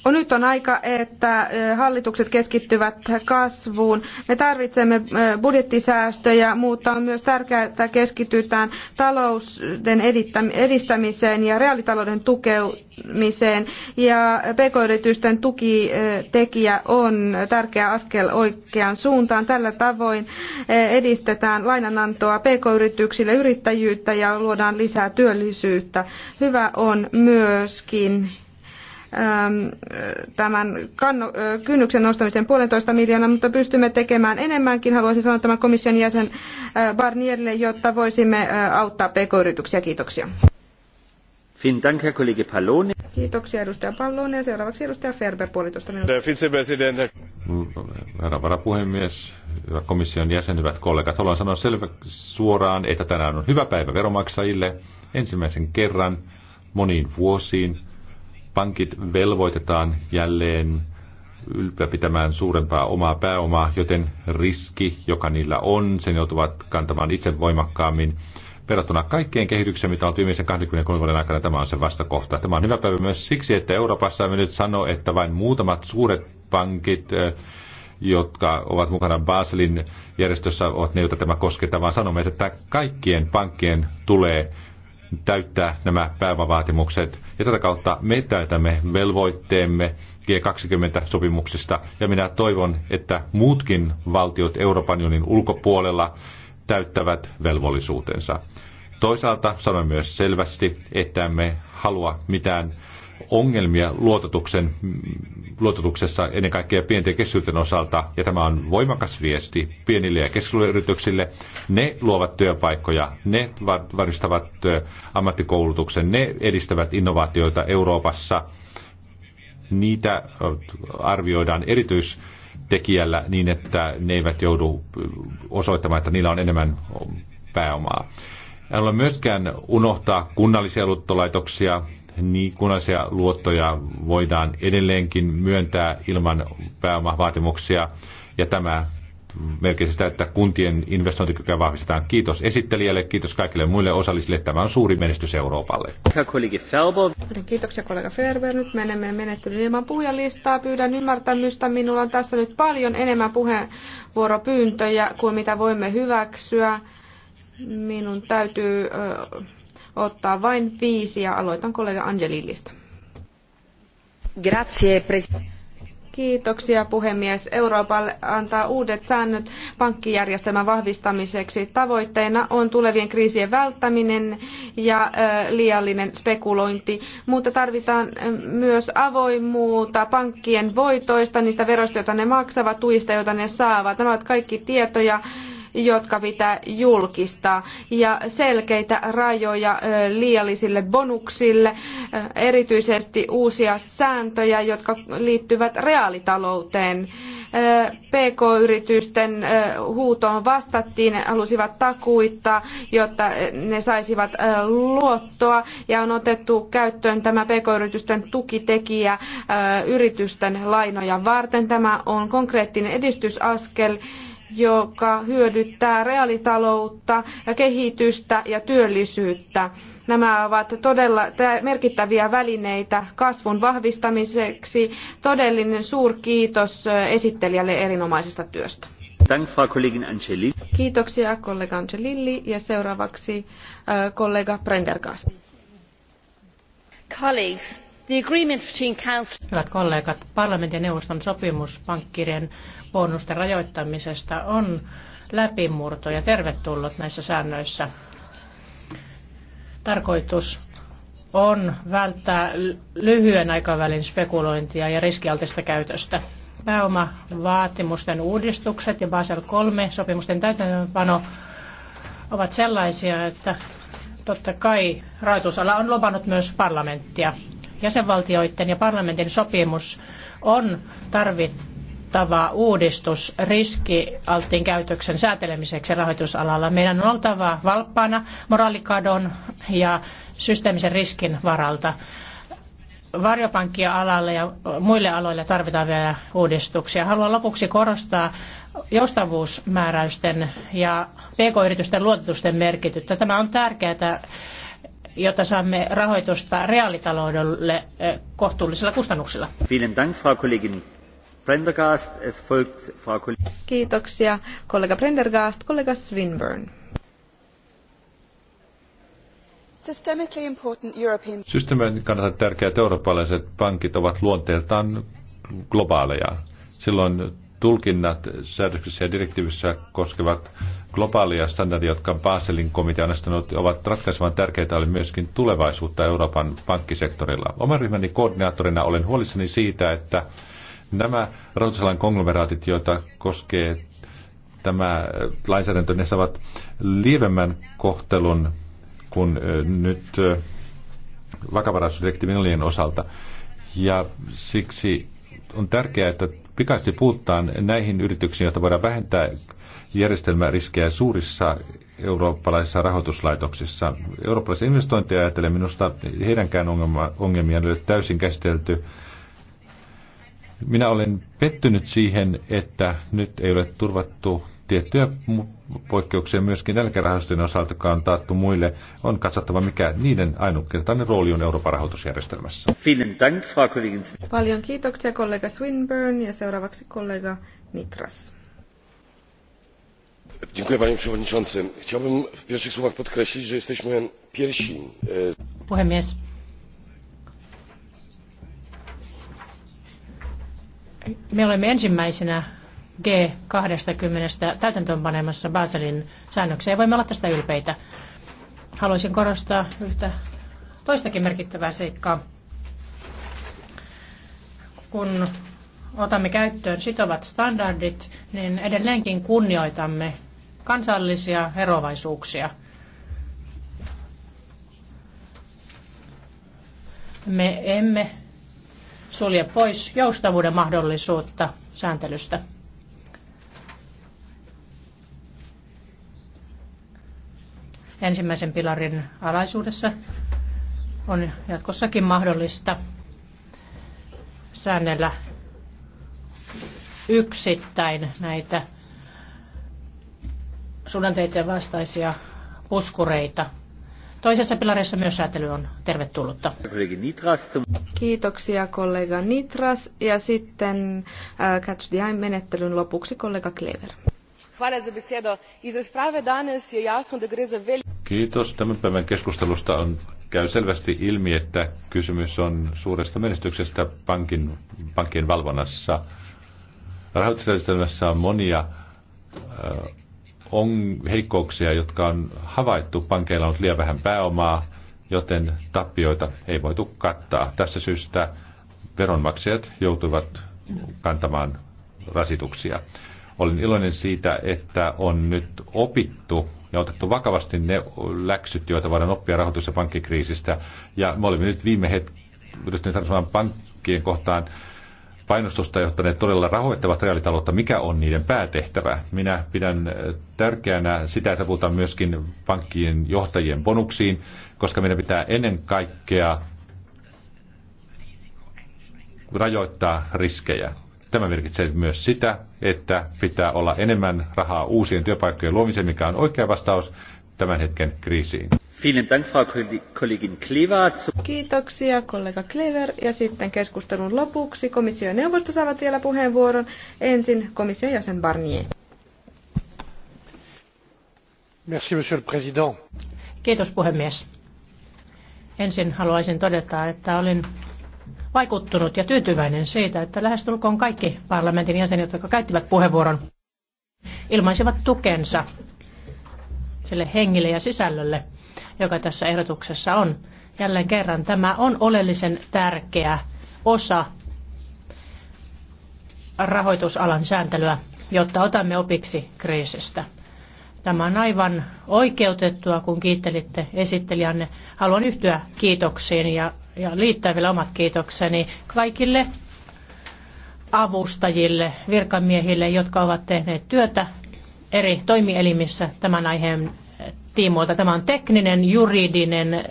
Oh, nyt on aika, että eh, hallitukset keskittyvät kasvuun. Me tarvitsemme eh, budjettisäästöjä, mutta on myös tärkeää, että keskitytään talouden edistämiseen ja reaalitalouden tukemiseen. Ja pk-yritysten tukitekijä on tärkeä askel oikeaan suuntaan. Tällä tavoin eh, edistetään lainanantoa pk-yrityksille yrittäjyyttä ja luodaan lisää työllisyyttä. Hyvä on myöskin Ähm, tämän kynnyksen nostamisen puolentoista miljoonaa, mutta pystymme tekemään enemmänkin. Haluaisin sanoa tämän komission jäsen Barnierille, jotta voisimme auttaa pk-yrityksiä. Kiitoksia. Kiitoksia edustaja Pallone ja seuraavaksi edustaja Ferber puolitoista minuuttia. Mm, herra varapuhemies, hyvä komission jäsen, hyvät kollegat, haluan sanoa selvä suoraan, että tänään on hyvä päivä veromaksajille ensimmäisen kerran moniin vuosiin pankit velvoitetaan jälleen ylläpitämään suurempaa omaa pääomaa, joten riski, joka niillä on, sen joutuvat kantamaan itse voimakkaammin. Verrattuna kaikkeen kehitykseen, mitä on viimeisen 23 vuoden aikana, tämä on se vastakohta. Tämä on hyvä päivä myös siksi, että Euroopassa me nyt sano, että vain muutamat suuret pankit, eh, jotka ovat mukana Baselin järjestössä, ovat ne, joita tämä koskettaa, vaan sanomme, että kaikkien pankkien tulee täyttää nämä pääomavaatimukset. Ja tätä kautta me täytämme velvoitteemme G20-sopimuksista. Ja minä toivon, että muutkin valtiot Euroopan unionin ulkopuolella täyttävät velvollisuutensa. Toisaalta sanon myös selvästi, että emme halua mitään ongelmia luototuksen, luototuksessa ennen kaikkea pienten ja keskisuurten osalta, ja tämä on voimakas viesti pienille ja keskisuurille yrityksille. Ne luovat työpaikkoja, ne varmistavat ammattikoulutuksen, ne edistävät innovaatioita Euroopassa. Niitä arvioidaan erityis tekijällä niin, että ne eivät joudu osoittamaan, että niillä on enemmän pääomaa. En ole myöskään unohtaa kunnallisia luottolaitoksia, niin kunnallisia luottoja voidaan edelleenkin myöntää ilman pääomavaatimuksia, ja tämä merkitsee sitä, että kuntien investointikykyä vahvistetaan. Kiitos esittelijälle, kiitos kaikille muille osallisille. Tämä on suuri menestys Euroopalle. Kiitoksia kollega Ferber. Nyt menemme menettelyyn ilman puhujalistaa. Pyydän ymmärtämystä. Minulla on tässä nyt paljon enemmän puheenvuoropyyntöjä kuin mitä voimme hyväksyä. Minun täytyy ottaa vain viisi ja aloitan kollega Angelillista. Grazie, presidente. Kiitoksia puhemies. Euroopalle antaa uudet säännöt pankkijärjestelmän vahvistamiseksi. Tavoitteena on tulevien kriisien välttäminen ja liiallinen spekulointi, mutta tarvitaan myös avoimuutta pankkien voitoista, niistä veroista, joita ne maksavat, tuista, joita ne saavat. Nämä ovat kaikki tietoja, jotka pitää julkistaa ja selkeitä rajoja liiallisille bonuksille, erityisesti uusia sääntöjä, jotka liittyvät reaalitalouteen. PK-yritysten huutoon vastattiin, ne halusivat takuita, jotta ne saisivat luottoa ja on otettu käyttöön tämä PK-yritysten tukitekijä yritysten lainoja varten. Tämä on konkreettinen edistysaskel joka hyödyttää reaalitaloutta, ja kehitystä ja työllisyyttä. Nämä ovat todella merkittäviä välineitä kasvun vahvistamiseksi. Todellinen suurkiitos esittelijälle erinomaisesta työstä. Kiitoksia kollega Angelilli ja seuraavaksi kollega Prendergast. Colleagues, the agreement between council... Hyvät kollegat, parlamentin ja neuvoston sopimus pankkirien bonusten rajoittamisesta on läpimurto ja tervetullut näissä säännöissä. Tarkoitus on välttää lyhyen aikavälin spekulointia ja riskialtista käytöstä. Pääomavaatimusten uudistukset ja Basel 3 sopimusten täytäntöönpano ovat sellaisia, että totta kai rahoitusala on lobannut myös parlamenttia. Jäsenvaltioiden ja parlamentin sopimus on tarvittu mittava uudistus riskialttiin käytöksen säätelemiseksi rahoitusalalla. Meidän on oltava valppaana moraalikadon ja systeemisen riskin varalta. Varjopankkia alalle ja muille aloille tarvitaan vielä uudistuksia. Haluan lopuksi korostaa joustavuusmääräysten ja pk-yritysten luotetusten merkitystä. Tämä on tärkeää jotta saamme rahoitusta reaalitaloudelle eh, kohtuullisilla kustannuksilla. Vielen Dank, Frau Kollegin Prendergast, es folgt Frau Kiitoksia kollega Prendergast, kollega Swinburne. Systemaattisesti kannalta tärkeät eurooppalaiset pankit ovat luonteeltaan globaaleja. Silloin tulkinnat säädöksissä ja direktiivissä koskevat globaalia standardia, jotka Baselin komitea on astanut, ovat ratkaisevan tärkeitä oli myöskin tulevaisuutta Euroopan pankkisektorilla. Oman ryhmäni koordinaattorina olen huolissani siitä, että Nämä rahoitusalan konglomeraatit, joita koskee tämä äh, lainsäädäntö, ne saavat lievemmän kohtelun kuin äh, nyt äh, vakavaraisuusdirektiivin osalta. Ja siksi on tärkeää, että pikaisesti puhutaan näihin yrityksiin, joita voidaan vähentää järjestelmäriskejä suurissa eurooppalaisissa rahoituslaitoksissa. Eurooppalaisia investointeja ajatellen minusta heidänkään ongelma, ongelmia ei ole täysin käsitelty minä olen pettynyt siihen, että nyt ei ole turvattu tiettyjä poikkeuksia myöskin eläkerahastojen osalta, joka on taattu muille. On katsottava, mikä niiden ainutkertainen rooli on Euroopan rahoitusjärjestelmässä. Paljon kiitoksia kollega Swinburne ja seuraavaksi kollega Nitras. Dziękuję panie przewodniczący. Chciałbym w pierwszych słowach podkreślić, że jesteśmy e, Puhemies, Me olemme ensimmäisenä G20 täytäntöönpanemassa Baselin säännöksiä ja voimme olla tästä ylpeitä. Haluaisin korostaa yhtä toistakin merkittävää seikkaa. Kun otamme käyttöön sitovat standardit, niin edelleenkin kunnioitamme kansallisia erovaisuuksia. Me emme sulje pois joustavuuden mahdollisuutta sääntelystä. Ensimmäisen pilarin alaisuudessa on jatkossakin mahdollista säännellä yksittäin näitä sudanteiden vastaisia puskureita. Toisessa pilarissa myös säätely on tervetullutta. Kiitoksia kollega Nitras ja sitten äh, Catch the Eye-menettelyn lopuksi kollega Klever. Kiitos. Tämän päivän keskustelusta on käy selvästi ilmi, että kysymys on suuresta menestyksestä pankin, pankin valvonnassa. Rahoitusjärjestelmässä on monia äh, on heikkouksia, jotka on havaittu. Pankeilla on liian vähän pääomaa, joten tappioita ei voitu kattaa. Tässä syystä veronmaksajat joutuivat kantamaan rasituksia. Olin iloinen siitä, että on nyt opittu ja otettu vakavasti ne läksyt, joita voidaan oppia rahoitus- ja pankkikriisistä. Ja me olemme nyt viime hetkellä pankkien kohtaan painostusta johtaneet todella rahoittavat reaalitaloutta, mikä on niiden päätehtävä. Minä pidän äh, tärkeänä sitä, että puhutaan myöskin pankkien johtajien bonuksiin, koska meidän pitää ennen kaikkea rajoittaa riskejä. Tämä merkitsee myös sitä, että pitää olla enemmän rahaa uusien työpaikkojen luomiseen, mikä on oikea vastaus tämän hetken kriisiin. Kiitoksia kollega Klever ja sitten keskustelun lopuksi komission neuvosto saa vielä puheenvuoron. Ensin komission jäsen Barnier. Merci, monsieur le président. Kiitos puhemies. Ensin haluaisin todeta, että olin vaikuttunut ja tyytyväinen siitä, että lähestulkoon kaikki parlamentin jäsenet, jotka käyttivät puheenvuoron, ilmaisivat tukensa sille hengille ja sisällölle, joka tässä ehdotuksessa on. Jälleen kerran tämä on oleellisen tärkeä osa rahoitusalan sääntelyä, jotta otamme opiksi kriisistä. Tämä on aivan oikeutettua, kun kiittelitte esittelijänne. Haluan yhtyä kiitoksiin ja, ja liittää vielä omat kiitokseni kaikille avustajille, virkamiehille, jotka ovat tehneet työtä eri toimielimissä tämän aiheen tiimoilta. Tämä on tekninen, juridinen, äh,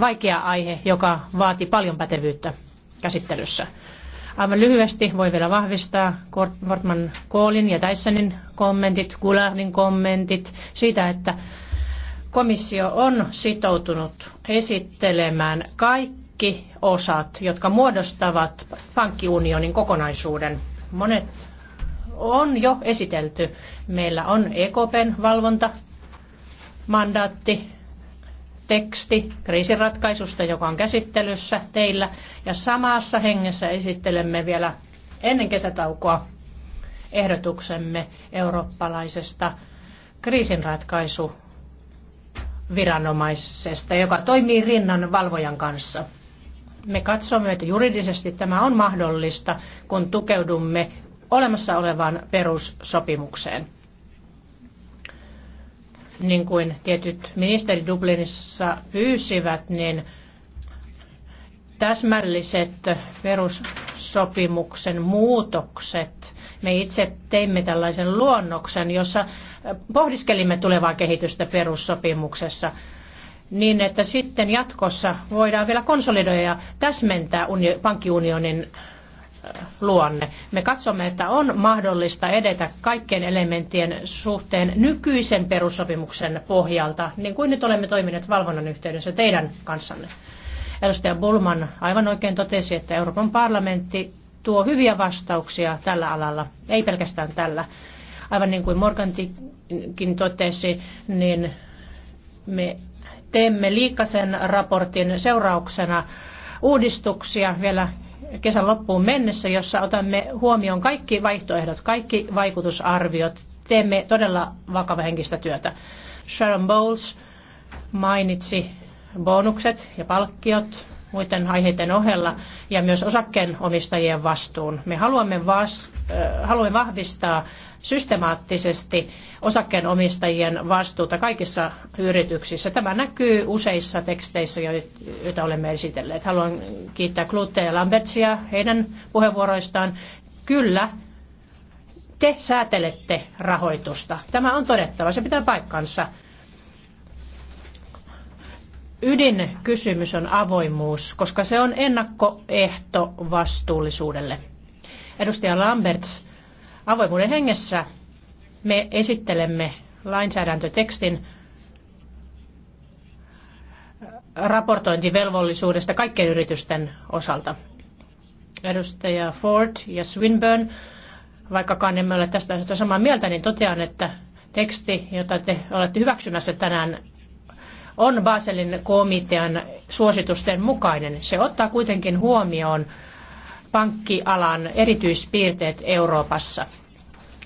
vaikea aihe, joka vaati paljon pätevyyttä käsittelyssä. Aivan lyhyesti voi vielä vahvistaa Kortman Koolin ja Tysonin kommentit, Gulahdin kommentit siitä, että komissio on sitoutunut esittelemään kaikki osat, jotka muodostavat pankkiunionin kokonaisuuden. Monet on jo esitelty. Meillä on EKPn valvonta, mandaatti, teksti kriisiratkaisusta, joka on käsittelyssä teillä. Ja samassa hengessä esittelemme vielä ennen kesätaukoa ehdotuksemme eurooppalaisesta viranomaisesta, joka toimii rinnan valvojan kanssa. Me katsomme, että juridisesti tämä on mahdollista, kun tukeudumme olemassa olevaan perussopimukseen niin kuin tietyt ministerit Dublinissa pyysivät, niin täsmälliset perussopimuksen muutokset. Me itse teimme tällaisen luonnoksen, jossa pohdiskelimme tulevaa kehitystä perussopimuksessa niin, että sitten jatkossa voidaan vielä konsolidoida ja täsmentää pankkiunionin luonne. Me katsomme, että on mahdollista edetä kaikkien elementtien suhteen nykyisen perussopimuksen pohjalta, niin kuin nyt olemme toimineet valvonnan yhteydessä teidän kanssanne. Edustaja Bulman aivan oikein totesi, että Euroopan parlamentti tuo hyviä vastauksia tällä alalla, ei pelkästään tällä. Aivan niin kuin Morgantikin totesi, niin me teemme liikasen raportin seurauksena uudistuksia vielä kesän loppuun mennessä, jossa otamme huomioon kaikki vaihtoehdot, kaikki vaikutusarviot. Teemme todella vakavahenkistä työtä. Sharon Bowles mainitsi bonukset ja palkkiot muiden aiheiden ohella ja myös osakkeenomistajien vastuun. Me haluamme, vas, äh, haluamme vahvistaa systemaattisesti osakkeenomistajien vastuuta kaikissa yrityksissä. Tämä näkyy useissa teksteissä, joita olemme esitelleet. Haluan kiittää Klutea ja Lambertsia heidän puheenvuoroistaan. Kyllä, te säätelette rahoitusta. Tämä on todettava, se pitää paikkansa. Ydinkysymys on avoimuus, koska se on ennakkoehto vastuullisuudelle. Edustaja Lamberts, avoimuuden hengessä me esittelemme lainsäädäntötekstin raportointivelvollisuudesta kaikkien yritysten osalta. Edustaja Ford ja Swinburne, vaikkakaan emme ole tästä samaa mieltä, niin totean, että teksti, jota te olette hyväksymässä tänään, on Baselin komitean suositusten mukainen. Se ottaa kuitenkin huomioon pankkialan erityispiirteet Euroopassa.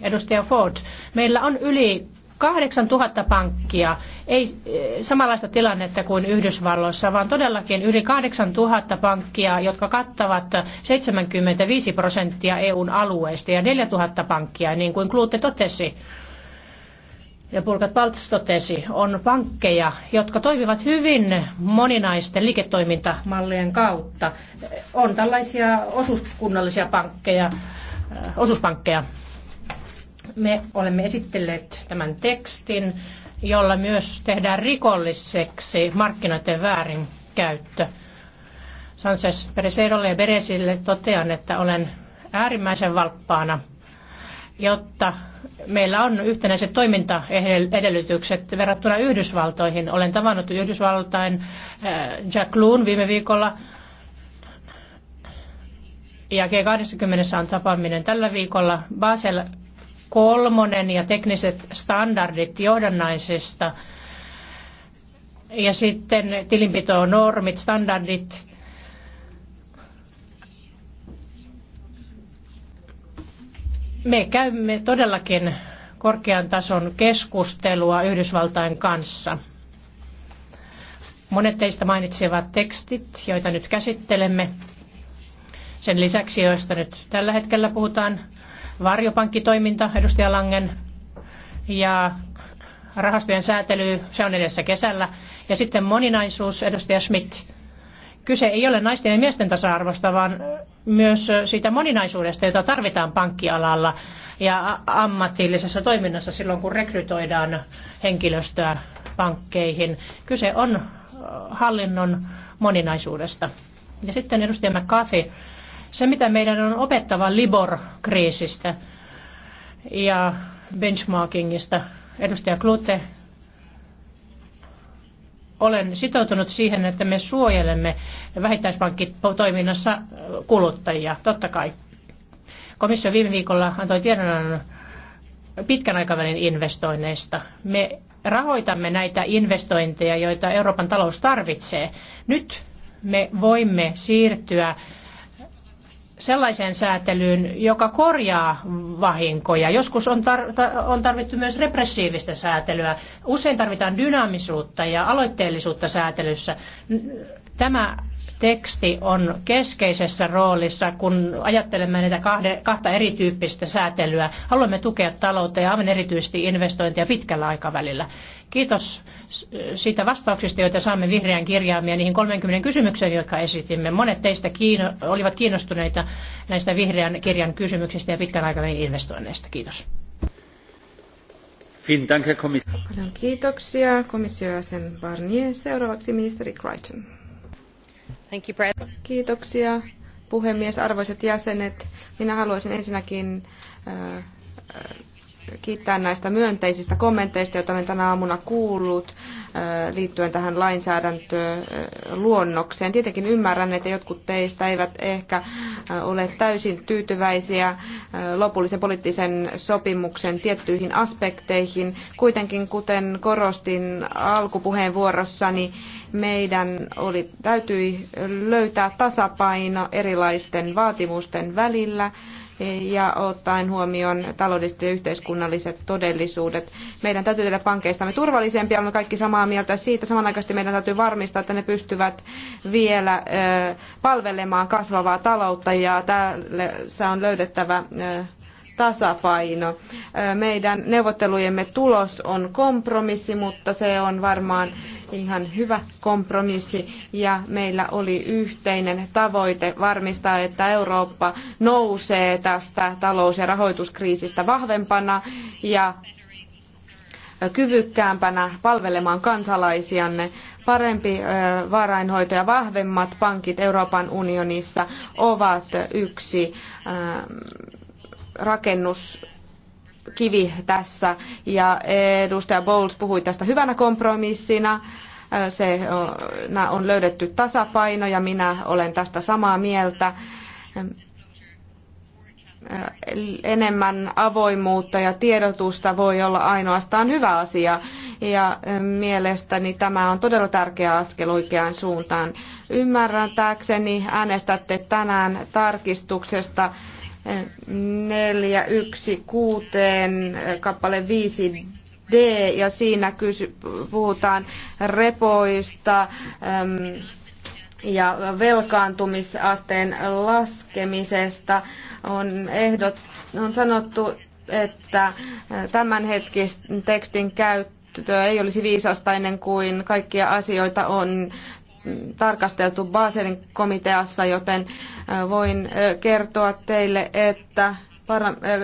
Edustaja Ford, meillä on yli 8000 pankkia, ei eh, samanlaista tilannetta kuin Yhdysvalloissa, vaan todellakin yli 8000 pankkia, jotka kattavat 75 prosenttia EUn alueesta ja 4000 pankkia, niin kuin Kluutte totesi ja Burkhard Paltz totesi, on pankkeja, jotka toimivat hyvin moninaisten liiketoimintamallien kautta. On tällaisia osuuskunnallisia pankkeja, äh, osuuspankkeja. Me olemme esitelleet tämän tekstin, jolla myös tehdään rikolliseksi markkinoiden väärinkäyttö. Sanchez Peresedolle ja Beresille totean, että olen äärimmäisen valppaana – jotta meillä on yhtenäiset toimintaedellytykset verrattuna Yhdysvaltoihin. Olen tavannut Yhdysvaltain äh, Jack Loon viime viikolla ja G20 on tapaaminen tällä viikolla. Basel kolmonen ja tekniset standardit johdannaisista ja sitten tilinpito normit, standardit Me käymme todellakin korkean tason keskustelua Yhdysvaltain kanssa. Monet teistä mainitsevat tekstit, joita nyt käsittelemme. Sen lisäksi, joista nyt tällä hetkellä puhutaan, varjopankkitoiminta, edustaja Langen, ja rahastojen säätely, se on edessä kesällä. Ja sitten moninaisuus, edustaja Schmidt. Kyse ei ole naisten ja miesten tasa-arvosta, vaan myös siitä moninaisuudesta, jota tarvitaan pankkialalla ja ammatillisessa toiminnassa silloin, kun rekrytoidaan henkilöstöä pankkeihin. Kyse on hallinnon moninaisuudesta. Ja sitten edustaja McCarthy, se mitä meidän on opettava Libor-kriisistä ja benchmarkingista, edustaja Klute olen sitoutunut siihen, että me suojelemme vähittäispankkitoiminnassa kuluttajia, totta kai. Komissio viime viikolla antoi tiedon pitkän aikavälin investoinneista. Me rahoitamme näitä investointeja, joita Euroopan talous tarvitsee. Nyt me voimme siirtyä sellaiseen säätelyyn, joka korjaa vahinkoja. Joskus on, tar- on tarvittu myös repressiivistä säätelyä. Usein tarvitaan dynaamisuutta ja aloitteellisuutta säätelyssä. Tämä teksti on keskeisessä roolissa, kun ajattelemme näitä kahde, kahta erityyppistä säätelyä. Haluamme tukea taloutta ja aivan erityisesti investointia pitkällä aikavälillä. Kiitos siitä vastauksista, joita saamme vihreän kirjaamme ja niihin 30 kysymykseen, jotka esitimme. Monet teistä kiino, olivat kiinnostuneita näistä vihreän kirjan kysymyksistä ja pitkän aikavälin investoinneista. Kiitos. Paljon kiitoksia komission jäsen Barnier. Seuraavaksi ministeri Crichton. Kiitoksia puhemies, arvoisat jäsenet. Minä haluaisin ensinnäkin äh, äh, kiittää näistä myönteisistä kommenteista, joita olen tänä aamuna kuullut liittyen tähän lainsäädäntöluonnokseen. Tietenkin ymmärrän, että jotkut teistä eivät ehkä ole täysin tyytyväisiä lopullisen poliittisen sopimuksen tiettyihin aspekteihin. Kuitenkin, kuten korostin alkupuheenvuorossani, meidän oli, täytyi löytää tasapaino erilaisten vaatimusten välillä ja ottaen huomioon taloudelliset ja yhteiskunnalliset todellisuudet. Meidän täytyy tehdä pankeistamme turvallisempia, olemme kaikki samaa mieltä siitä. Samanaikaisesti meidän täytyy varmistaa, että ne pystyvät vielä palvelemaan kasvavaa taloutta ja tässä on löydettävä tasapaino. Meidän neuvottelujemme tulos on kompromissi, mutta se on varmaan ihan hyvä kompromissi ja meillä oli yhteinen tavoite varmistaa, että Eurooppa nousee tästä talous- ja rahoituskriisistä vahvempana ja kyvykkäämpänä palvelemaan kansalaisianne parempi varainhoito ja vahvemmat pankit Euroopan unionissa ovat yksi rakennus kivi tässä. Ja edustaja Bowles puhui tästä hyvänä kompromissina. Se on löydetty tasapaino ja minä olen tästä samaa mieltä enemmän avoimuutta ja tiedotusta voi olla ainoastaan hyvä asia. Ja mielestäni tämä on todella tärkeä askel oikeaan suuntaan. Ymmärräntääkseni äänestätte tänään tarkistuksesta 4, 1, 6, kappale 5, D, ja siinä kysy, puhutaan repoista äm, ja velkaantumisasteen laskemisesta. On, ehdot, on sanottu, että hetkisen tekstin käyttö ei olisi viisasta ennen kuin kaikkia asioita on tarkasteltu Baselin komiteassa, joten voin kertoa teille, että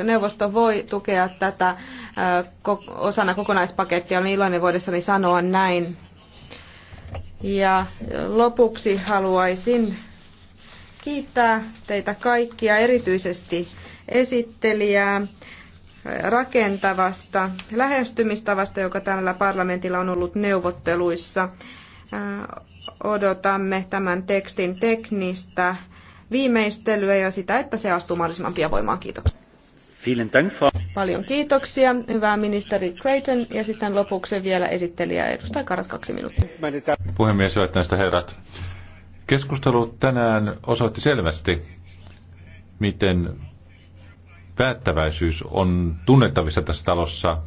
neuvosto voi tukea tätä osana kokonaispakettia. Olen iloinen voidessani sanoa näin. Ja lopuksi haluaisin kiittää teitä kaikkia, erityisesti esittelijää rakentavasta lähestymistavasta, joka tällä parlamentilla on ollut neuvotteluissa odotamme tämän tekstin teknistä viimeistelyä ja sitä, että se astuu mahdollisimman pian voimaan. Kiitoksia. Paljon kiitoksia, hyvää ministeri Creighton, ja sitten lopuksi vielä esittelijä edustaja Karas kaksi minuuttia. Puhemies, hyvät näistä herrat. Keskustelu tänään osoitti selvästi, miten päättäväisyys on tunnettavissa tässä talossa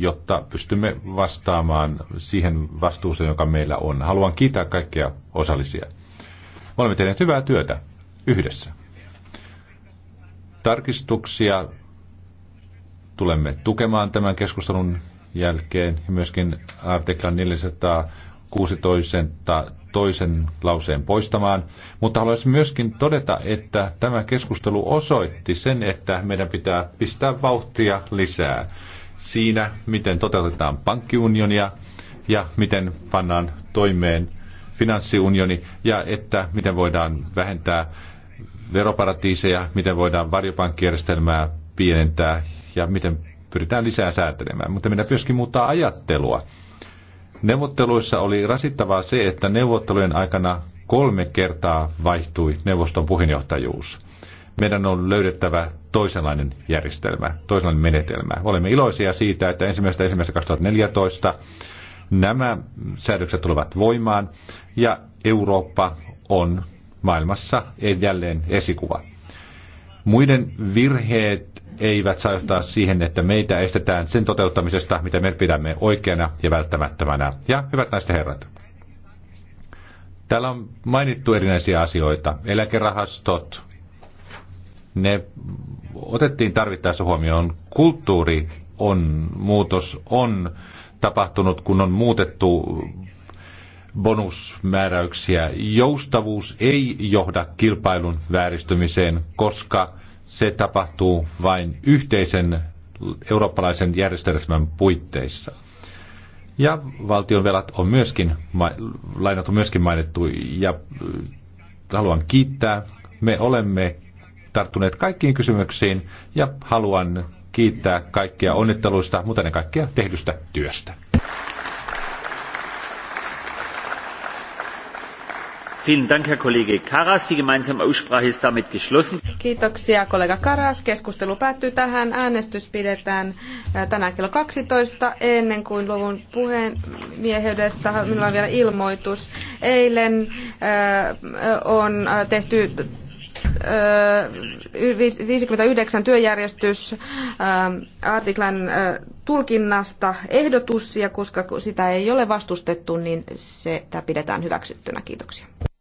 jotta pystymme vastaamaan siihen vastuuseen, joka meillä on. Haluan kiittää kaikkia osallisia. Me olemme tehneet hyvää työtä yhdessä. Tarkistuksia tulemme tukemaan tämän keskustelun jälkeen ja myöskin artiklan 416 toisen lauseen poistamaan. Mutta haluaisin myöskin todeta, että tämä keskustelu osoitti sen, että meidän pitää pistää vauhtia lisää siinä, miten toteutetaan pankkiunionia ja miten pannaan toimeen finanssiunioni ja että miten voidaan vähentää veroparatiiseja, miten voidaan varjopankkijärjestelmää pienentää ja miten pyritään lisää säätelemään. Mutta minä myöskin muuttaa ajattelua. Neuvotteluissa oli rasittavaa se, että neuvottelujen aikana kolme kertaa vaihtui neuvoston puheenjohtajuus meidän on löydettävä toisenlainen järjestelmä, toisenlainen menetelmä. Olemme iloisia siitä, että ensimmäistä ensimmäistä 2014 nämä säädökset tulevat voimaan ja Eurooppa on maailmassa e- jälleen esikuva. Muiden virheet eivät saa johtaa siihen, että meitä estetään sen toteuttamisesta, mitä me pidämme oikeana ja välttämättömänä. Ja hyvät naiset ja herrat, täällä on mainittu erinäisiä asioita. Eläkerahastot, ne otettiin tarvittaessa huomioon. Kulttuuri on, muutos on tapahtunut, kun on muutettu bonusmääräyksiä. Joustavuus ei johda kilpailun vääristymiseen, koska se tapahtuu vain yhteisen eurooppalaisen järjestelmän puitteissa. Ja valtionvelat velat on myöskin, lainat on myöskin mainittu ja äh, haluan kiittää. Me olemme tarttuneet kaikkiin kysymyksiin ja haluan kiittää kaikkia onnitteluista, mutta ennen kaikkea tehdystä työstä. Kiitoksia kollega Karas. Keskustelu päättyy tähän. Äänestys pidetään äh, tänään kello 12. Ennen kuin luvun puheenmieheydestä minulla on vielä ilmoitus. Eilen äh, on äh, tehty 59 työjärjestys artiklan tulkinnasta ehdotus ja koska sitä ei ole vastustettu, niin se pidetään hyväksyttynä. Kiitoksia.